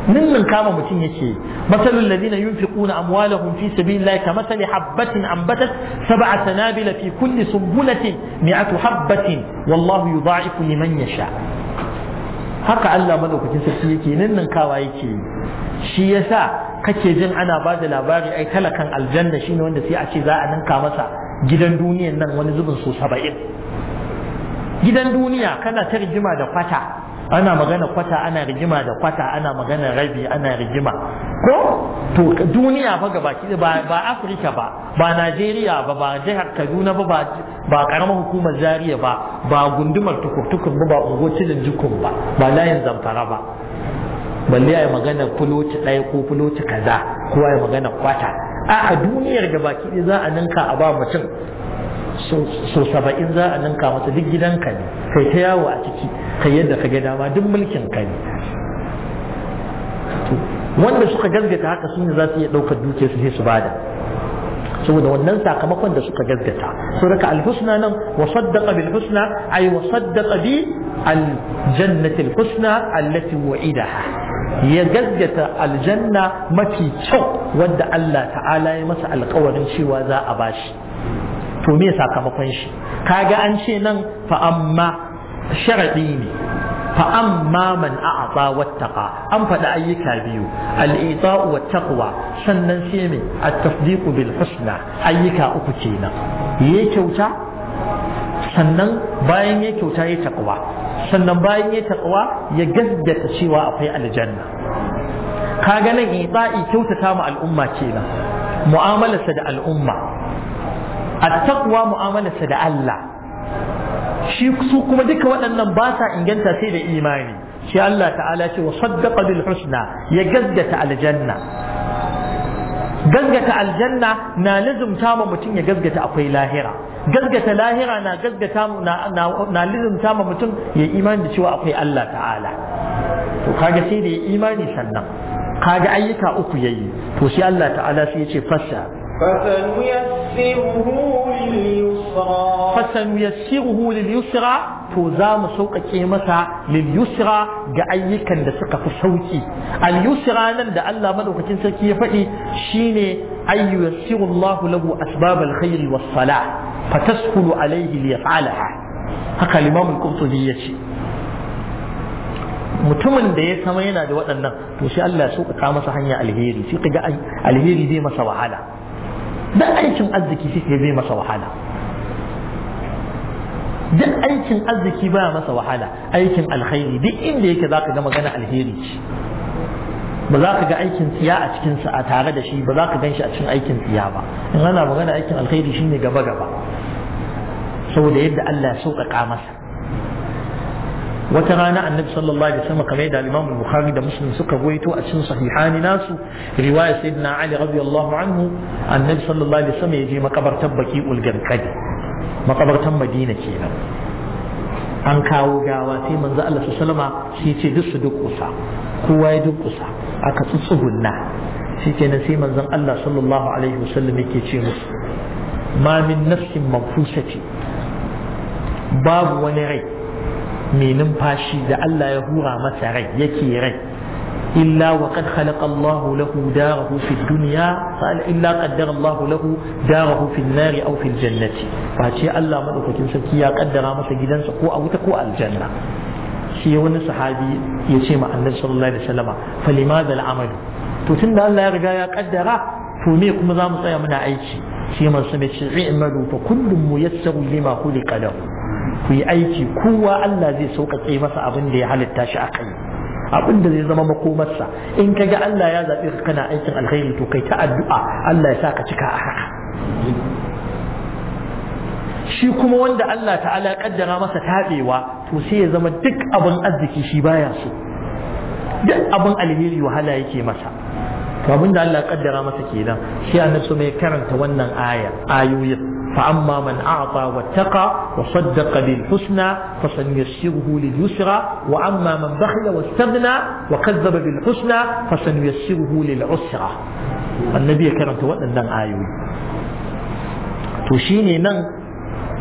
ninnin kama mutum yake masalul ladina yunfiquna amwalahum fi sabilillahi kamathali habatin ambatat sab'a sanabila sun kulli sunbulatin mi'atu habatin wallahu yudha'ifu liman sha. haka Allah madaukakin sarki yake ninnin kawa yake shi yasa kake jin ana ba da labari ai talakan aljanna shine wanda sai a ce za a ninka masa gidan duniyan nan wani zubin so saba'in gidan duniya kana ta rigima da kwata ana magana kwata ana rigima da kwata ana magana rabi ana rigima ko to duniya fa gabaki ba ba Afirka ba ba Najeriya ba ba jihar Kaduna ba ba karamar hukumar Zaria ba ba gundumar tukur ba ba ungocin jikun ba ba layin zamfara ba balle ya magana fuloci ɗaya ko fuloci kaza ko ya magana kwata a a duniyar da baki za a ninka a ba mutum so saba'in za a ninka masa duk gidanka ne kai ta yawo a ciki kai yadda ka ga dama duk mulkin ka ne wanda suka gazgata haka su ne za su iya ɗaukar duke su sai su bada saboda wannan sakamakon da suka gazgata su raka alhusna nan wa saddaqa bil husna ay wa saddaqa bi al jannati al husna allati wa'idaha ya gazgata aljanna mafi kyau wadda Allah ta'ala ya masa alkawarin cewa za a bashi to me sakamakon shi kaga an ce nan fa amma sharaɗi ne fa amma man a'ata wattaqa an faɗi ayyuka biyu al-ita'u wattaqwa sannan sai me at-tasdiq bil husna ayyuka uku kenan Ya kyauta sannan bayan ya kyauta ya taqwa sannan bayan ya taqwa ya gaskata cewa akwai aljanna kaga nan ita'i kyautata mu al'umma kenan mu'amalarsa da al'umma at-taqwa mu'amalarsa da Allah shi su kuma duka waɗannan ba sa inganta sai da imani shi Allah ta'ala ce wa saddaqa bil husna ya gaggata aljanna gaggata aljanna na lazumta ma mutum ya gaggata akwai lahira gaggata lahira na gaggata na na lazumta ma mutum ya imani da cewa akwai Allah ta'ala to kaga sai da ya imani sannan kaga ayyuka uku yayi to shi Allah ta'ala sai ya ce fassa fasanu ya فسنيسره لليسرى to zamu mu sauƙaƙe masa lilyusra ga ayyukan da suka fi sauƙi al nan da Allah madaukakin sarki ya faɗi shine ayyu yassiru Allahu asbabal asbab al-khair was salah fataskulu alayhi liyaf'alaha haka Imam al-Qurtubi yace mutumin da ya sama yana da waɗannan to sai Allah ya sauƙaƙa masa hanya alheri sai kaga alheri zai masa wahala duk aikin arziki shi ke zai masa wahala duk aikin arziki ba masa wahala aikin alkhairi duk inda yake za ka ga magana alheri ce ba za ka ga aikin tsiya a sa a tare da shi ba za ka gan shi a cikin aikin tsiya ba in ana magana aikin alkhairi shine gaba gaba saboda yadda Allah ya sauƙaƙa masa wata rana annabi sallallahu alaihi wasallam kamar da Imam Bukhari da Muslim suka goyito a cikin sahihani nasu riwaya sayyidina Ali radiyallahu anhu annabi sallallahu alaihi wasallam ya je makabartar baki ulgarkadi makabartar Madina kenan an kawo gawa sai manzo Allah sallama shi ce duk su duk kusa kowa ya duk kusa aka tsutsugunna shi kenan sai manzon Allah sallallahu alaihi wasallam yake ce musu ma min nafsin manfusati babu wani rai mai numfashi da Allah ya hura masa rai yake rai illa wa qad khalaqa Allahu lahu darahu fi dunya qala illa qaddara Allahu lahu darahu fi an-nar aw jannati fa ce Allah madaukakin sarki ya kaddara masa gidansa ko a wuta ko aljanna shi wani sahabi ya ce ma annabi sallallahu alaihi wasallama falimadha al-amal to tunda Allah ya riga ya kaddara to me kuma za mu tsaya muna aiki shi man sabe ce i'malu fa kullum muyassaru lima khuliqa lahu ku yi aiki kowa Allah zai sauƙaƙe masa abin da ya halitta shi akai abin da zai zama makomarsa in ka ga Allah ya zaɓi ka kana aikin alkhairi to kai ta addu'a Allah ya sa ka cika a haka shi kuma wanda Allah ta'ala kaddara masa taɓewa to sai ya zama duk abin arziki shi baya so duk abin alheri wahala yake masa to abin da Allah kaddara masa kenan shi annabi so mai karanta wannan aya ayoyin فأما من أعطى واتقى وصدق بالحسنى فسنيسره لليسرى وأما من بخل واستغنى وكذب بالحسنى فسنيسره للعسرى النبي كرمت وأن آيوي توشيني من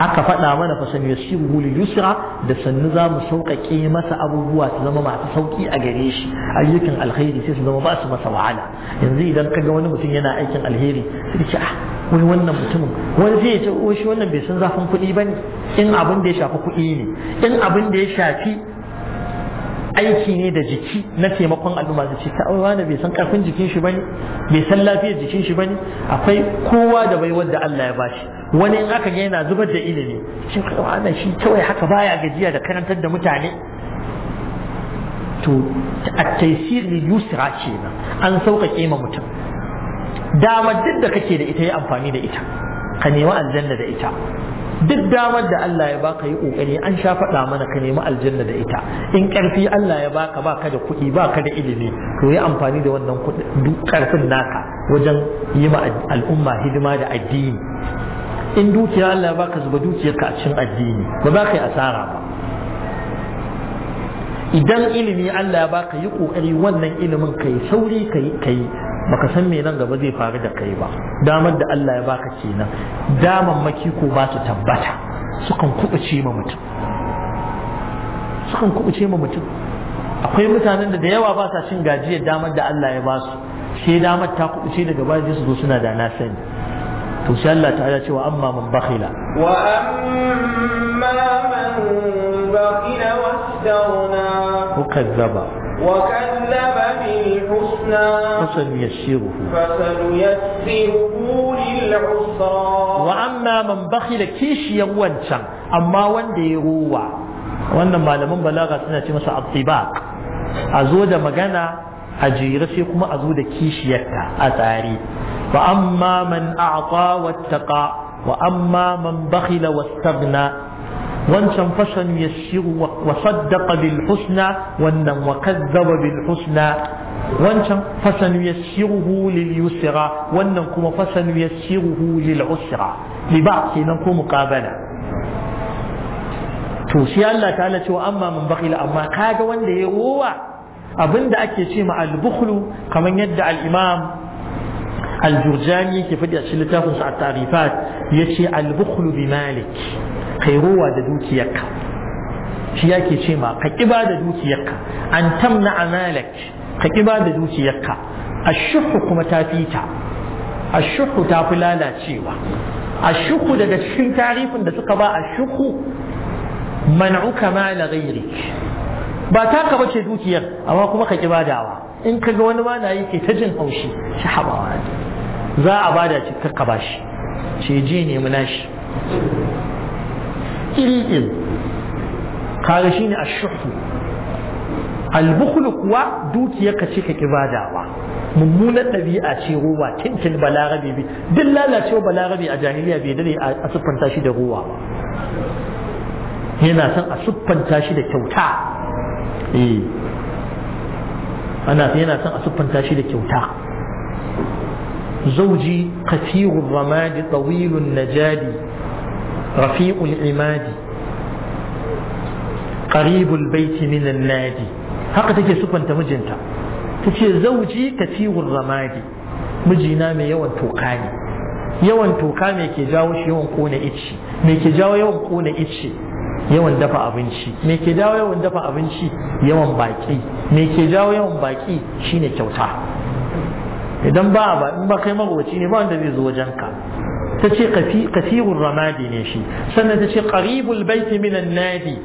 aka faɗa mana fa san yasiru yusra da sannu za mu sauƙaƙe masa abubuwa su zama masu sauƙi a gare shi ayyukan alheri sai su zama ba su masa wahala yanzu idan ka ga wani mutum yana aikin alheri sai ce ah wai wannan mutumin wani zai ce o oh, shi wannan bai san zafin kuɗi ne in abin da ya shafi kuɗi ne in abin da ya shafi aiki ne da jiki na taimakon al'umma su ce ta wani bai san karfin jikin shi bane bai san lafiyar jikin shi bane akwai kowa da bai wanda Allah ya bashi wani in aka ga yana zubar da ilimi shin wannan shi kawai haka baya gajiya da karantar da mutane to a taysir li ce kenan an sauƙaƙe ma mutum dama duk da kake da ita yi amfani da ita ka nemi aljanna da ita duk damar da Allah ya baka yi kokari an sha faɗa mana ka nemi aljanna da ita in ƙarfi Allah ya baka baka da kuɗi baka da ilimi to yi amfani da wannan ƙarfin naka wajen yi ma al'umma hidima da addini in dukiya Allah ya baka zuba dukiyarka a cikin addini ba za ka yi asara ba idan ilimi Allah ya baka yi kokari wannan ilimin kai sauri kai kai baka san me nan gaba zai faru da kai ba damar da Allah ya baka kenan damammaki ko ba su tabbata sukan kubuce ma mutum sukan kubuce ma mutum akwai mutanen da da yawa ba sa cin gajiyar damar da Allah ya ba su sai damar ta kubuce daga baya su zo suna da na sani to sai Allah ta'ala ce wa amma man bakhila wa amma man bakhila wastaghna wa kazzaba وكذب بالحسنى فسنيسره للعسرى واما من بخل كيش يوانسا اما وندي هو وانا ما لم بلاغه سنه مسا الطباق ازود مجانا اجير سي ازود كيش يكا اتاري واما من اعطى واتقى واما من بخل واستغنى wancan fasan yashiru wa saddaqa bil husna wannan wa kazzaba bil husna wancan fasan yassiruhu lil yusra wannan kuma fasan yassiruhu lil usra liba kenan ko muqabala to sai Allah ta'ala ce wa amma man bakhila amma kaga wanda ya rowa abinda ake ce ma al-bukhlu kaman yadda al-imam al-jurjani yake faɗi a cikin littafinsa at-tarifat yace al-bukhlu bi malik Kairowa da dukiyarka shi yake ce ma ka kiba da dukiyarka an tamna amalak ka kiba da dukiyarka ashuhu kuma ta fita ashuhu ta fi lalacewa ashuhu daga cikin tarifin da suka ba ashuhu man'u kamala ghairik ba taka bace dukiyar amma kuma ka kiba dawa in ka ga wani mana yake ke ta jin haushi shi habawa za a bada shi kakka bashi ce je ne mu nashi iri-iri kaga shine ashuhu albukhlu kuwa dukiyar ka ce ka kibadawa mummunar ɗabi'a ce ruwa tintin balarabe bi duk lalacewa balarabe a jahiliya bai dare a siffanta shi da ruwa yana son a siffanta shi da kyauta eh. ana yana son a siffanta shi da kyauta zauji kathirun ramadi tsawilun najadi rafi'ul imadi qaribul baiti min nadi haka take sufanta mijinta tace zauji katiwur ramadi mijina mai yawan toka ne yawan toka me ke jawo shi yawan kona ici me ke jawo yawan kona ici yawan dafa abinci me ke jawo yawan dafa abinci yawan baki me ke jawo yawan baki shine kyauta idan ba ba ba kai magwaci ne ba wanda zai zo wajen ka. ta ce kasirun ramadi ne shi sannan ta ce qaribul baiti minan nadi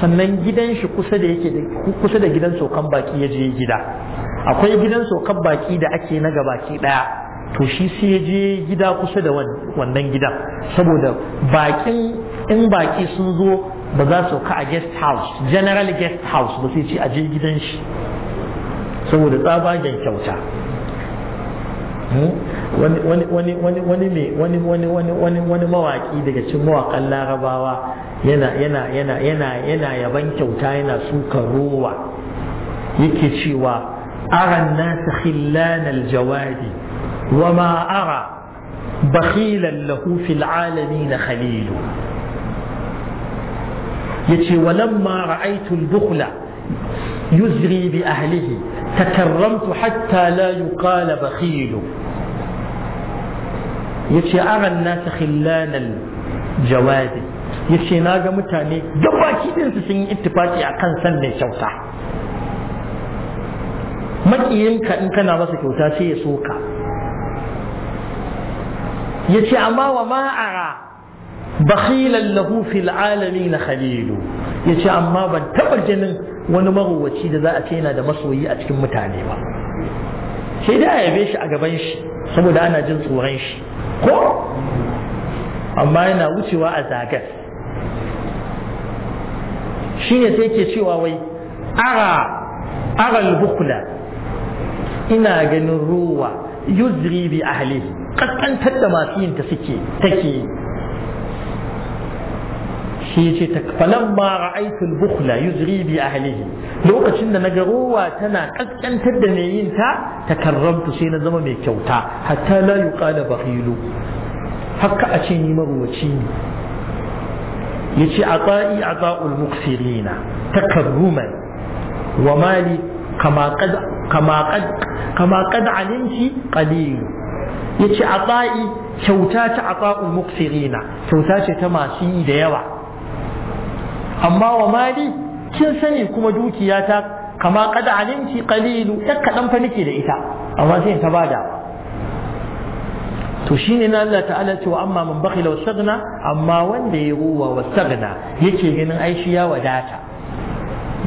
sannan gidan shi kusa da yake kusa da gidan sokan baki ya je gida akwai gidan sokan baki da ake na baki daya to shi sai ya je gida kusa da wannan gidan saboda bakin in baki sun zo ba za su ka a guest house general guest house ba sai ce a je gidan shi saboda tsabagen kyauta wani mawaƙi daga cikin mawakan larabawa yana yaban kyauta yana suka rowa yake cewa aran nasu khillanal jawadi wa ma ara bakhilan lahu fil na khalilu ce, walamma ra'aitul bukhla yuzri bi ahlihi takarramtu hatta la yuqala bakhilu yace aran nasa khillanan jawadi yace na ga mutane gabaki din su sun yi ittifaki akan san mai kyauta makiyinka in kana masa kyauta sai ya soka yace amma wa ma ara bakhilan lahu fil alamin khalilu yace amma ban taɓa ganin. wani marowaci da za a ce yana da masoyi a cikin mutane ba sai dai a yabe shi a gaban shi saboda ana jin tsoron shi ko amma yana wucewa a zagar shi ne sai ke cewa wai ara ara bukula ina ganin ruwa yuzri bi ahli kaskantar da masu yin ta suke take sai ya ce falan ma ra'aitul bukhla yuzri bi ahlihi lokacin da naga ruwa tana kaskantar da mai yin ta takarramtu sai na zama mai kyauta hatta la yuqala bakhilu haka a ce ni maruwaci ne yace ata'i ata'ul muqsirina takarruman wa mali kama qad kama qad kama qad alimti qalil yace ata'i kyauta ta ata'ul muqsirina kyauta ce ta masu yi da yawa amma wa mali kin sani kuma dukiya ta kama kada alimci Kalilu ɗan kaɗan fa nake da ita amma sai ta bada to shine na Allah ta'ala cewa amma man bakhila wasagna amma wanda ya ruwa wasagna yake ganin ai shi ya wadata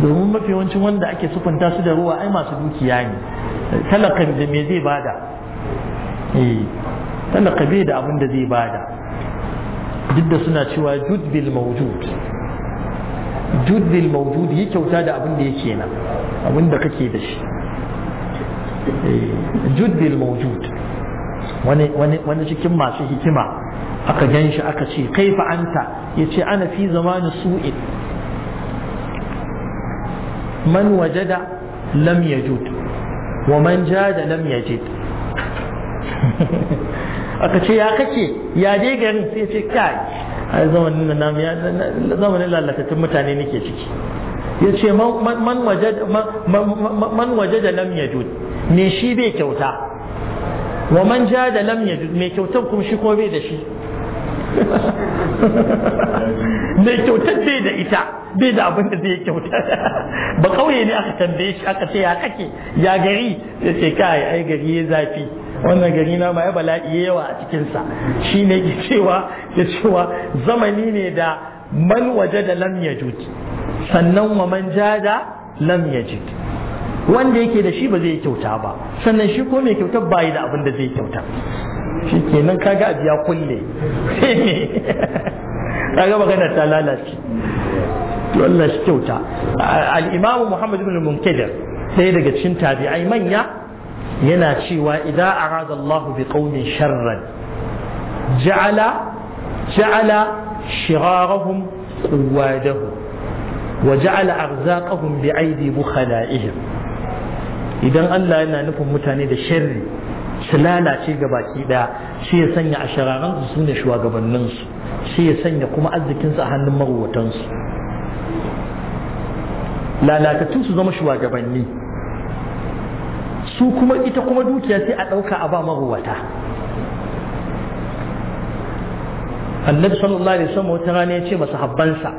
domin mafi yawancin wanda ake sufanta su da ruwa ai masu dukiya ne talakan da me zai bada eh talaka bai da abin da zai bada duk da suna cewa jud bil mawjud juddil mawjudi yi kyauta da abin da yake nan abin da kake da shi eh, juddil mawjud wani wani wani cikin masu hikima aka gan shi aka ce kaifa anta yace ana fi zamani su'in man wajada lam yajud wa man jada lam yajid aka ce ya kake ya je garin sai ce kai ai zamanin nan namu ya zamanin lalatattun mutane nake ciki ya ce man waje da lam yajud me shi bai kyauta wa man ja da lam yajud mai kyautan kuma shi ko bai da shi mai kyautar bai da ita bai da abin da zai kyauta ba kauye ne aka tambaye shi aka ce ya kake ya gari ya ce kai ai gari ya zafi wannan gari na ma ya bala'i yawa a cikinsa shi ne ke cewa ya cewa zamani ne da man waje da lam juti sannan wa man ja da lam juti. wanda yake da shi ba zai kyauta ba sannan shi ko mai kyautar bayi da abin da zai kyauta shi nan kaga abu ya kulle kaga magana ta lalace Allah shi kyauta al-imamu Muhammad ibn Munkadir sai daga cikin tabi'ai manya yana cewa idan arada Allah bi ƙaunin sharran ja'ala ja'ala shirarahum quwadahu wa ja'ala arzakahum bi aidi bukhala'ihim idan Allah yana nufin mutane da sharri su lalace ga baki daya sai ya sanya a shararan su ne shugabannin su sai ya sanya kuma arzikin su a hannun marwatan su su zama shugabanni su kuma ita kuma dukiya sai a ɗauka a ba marowata annabi sallallahu alaihi wasallam wata rana ya ce masa habbansa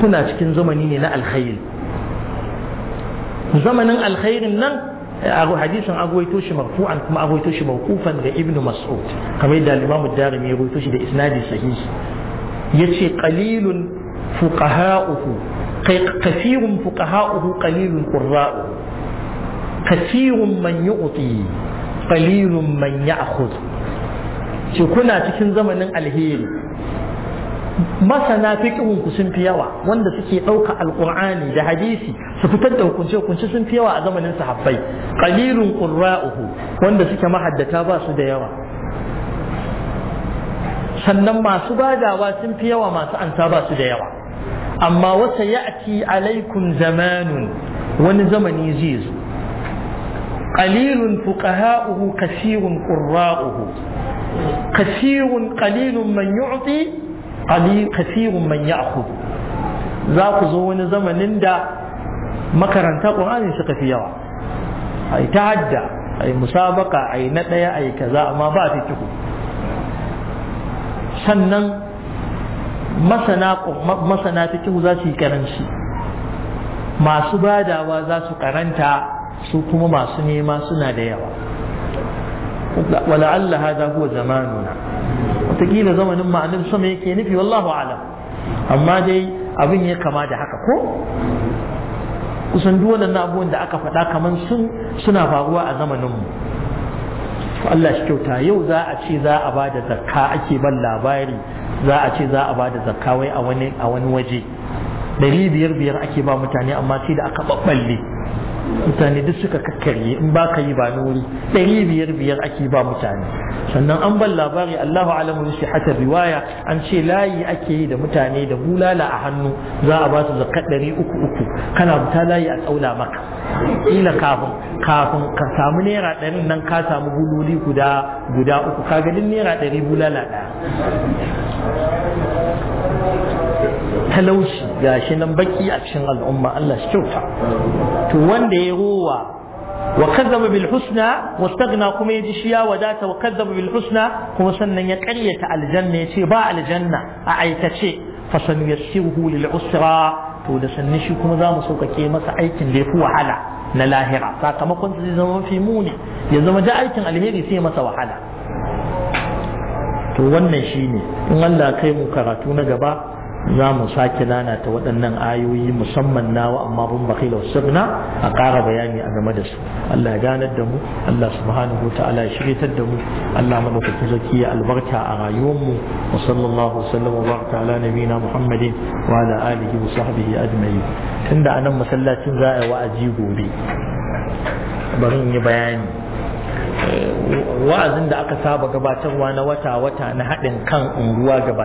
kuna cikin zamani ne na alkhairi zamanin alkhairin nan eh, hadisin agwaito shi marfu'an kuma agwaito shi mawqufan da ibnu mas'ud kamar da al-imam ad-darimi ya rawaito shi da isnadi sahihi yace qalilun fuqaha'uhu kai kafirun fuqaha'uhu qalilun qurra'uhu kasirun man yu'ti qalilun man ya'khudh shi kuna cikin zamanin alheri masana fiqhun ku sun fi yawa wanda suke ɗauka alƙur'ani da hadisi su fitar da hukunce hukunce sun fi yawa a zamanin sahabbai qalilun qurra'uhu wanda suke mahaddata ba su da yawa sannan masu badawa sun fi yawa masu ansa ba su da yawa amma wata ya'ti alaikum zamanun wani zamani zai zo قليل فقهاؤه كثير قراؤه كثير قليل من يعطي قليل كثير من يأخذ ذاك da زمن دا مكرن تقرأ suka fi yawa. ai hadda ai musabaka ai na ɗaya ai kaza amma ba ta kiku sannan masana masana ta za su yi karanci masu badawa za su karanta su kuma masu nema suna da yawa wala'alla hadha huwa zamanuna wataƙila zamanin ma'anin sama yake nufi wallahu alam amma dai abin ya kama da haka ko kusan duk waɗannan abubuwan da aka faɗa kamar sun suna faruwa a zamaninmu Allah shi kyauta yau za a ce za a ba da zakka ake ban labari za a ce za a ba da zakka wai a wani waje ɗari biyar biyar ake ba mutane amma sai da aka ɓaɓɓalle mutane duk suka kakkarye in ba ka yi ba ni wuri ɗari biyar biyar ake ba mutane sannan an ban labari Allahu alamu bi sihhata riwaya an ce layi ake yi da mutane da bulala a hannu za a ba su zakat ɗari uku uku kana buta layi a tsaula maka kila kafin kafin ka samu naira ɗarin nan ka samu bululi guda guda uku ka ga naira ɗari bulala ɗaya talauci gashi nan baki a cikin al'umma Allah shi kyauta to wanda ya ruwa wa kazzaba bil husna wastaghna kuma yaji shi ya wadata wa kazzaba bil husna kuma sannan ya ƙaryata aljanna yace ba aljanna a aikace fa san yassiruhu lil usra to da sannan shi kuma zamu sauƙaƙe masa aikin da yafi wahala na lahira sakamakon zai zama mafi muni ya zama da aikin alheri sai masa wahala to wannan shine in Allah kai mu karatu na gaba za mu sake lalata waɗannan ayoyi musamman nawa amma bin bakila wasabna a ƙara bayani a game da su Allah ya ganar da mu Allah subhanahu wa ta'ala ya shiryatar da mu Allah madaukakin zaki ya albarka a rayuwar mu wa sallallahu sallam wa baraka ala nabiyina muhammadin wa ala alihi wa sahbihi ajma'in tunda anan masallacin za a yi wa'azi gobe bari in yi bayani eh, wa'azin da aka saba gabatarwa na wata-wata na haɗin kan unguwa gaba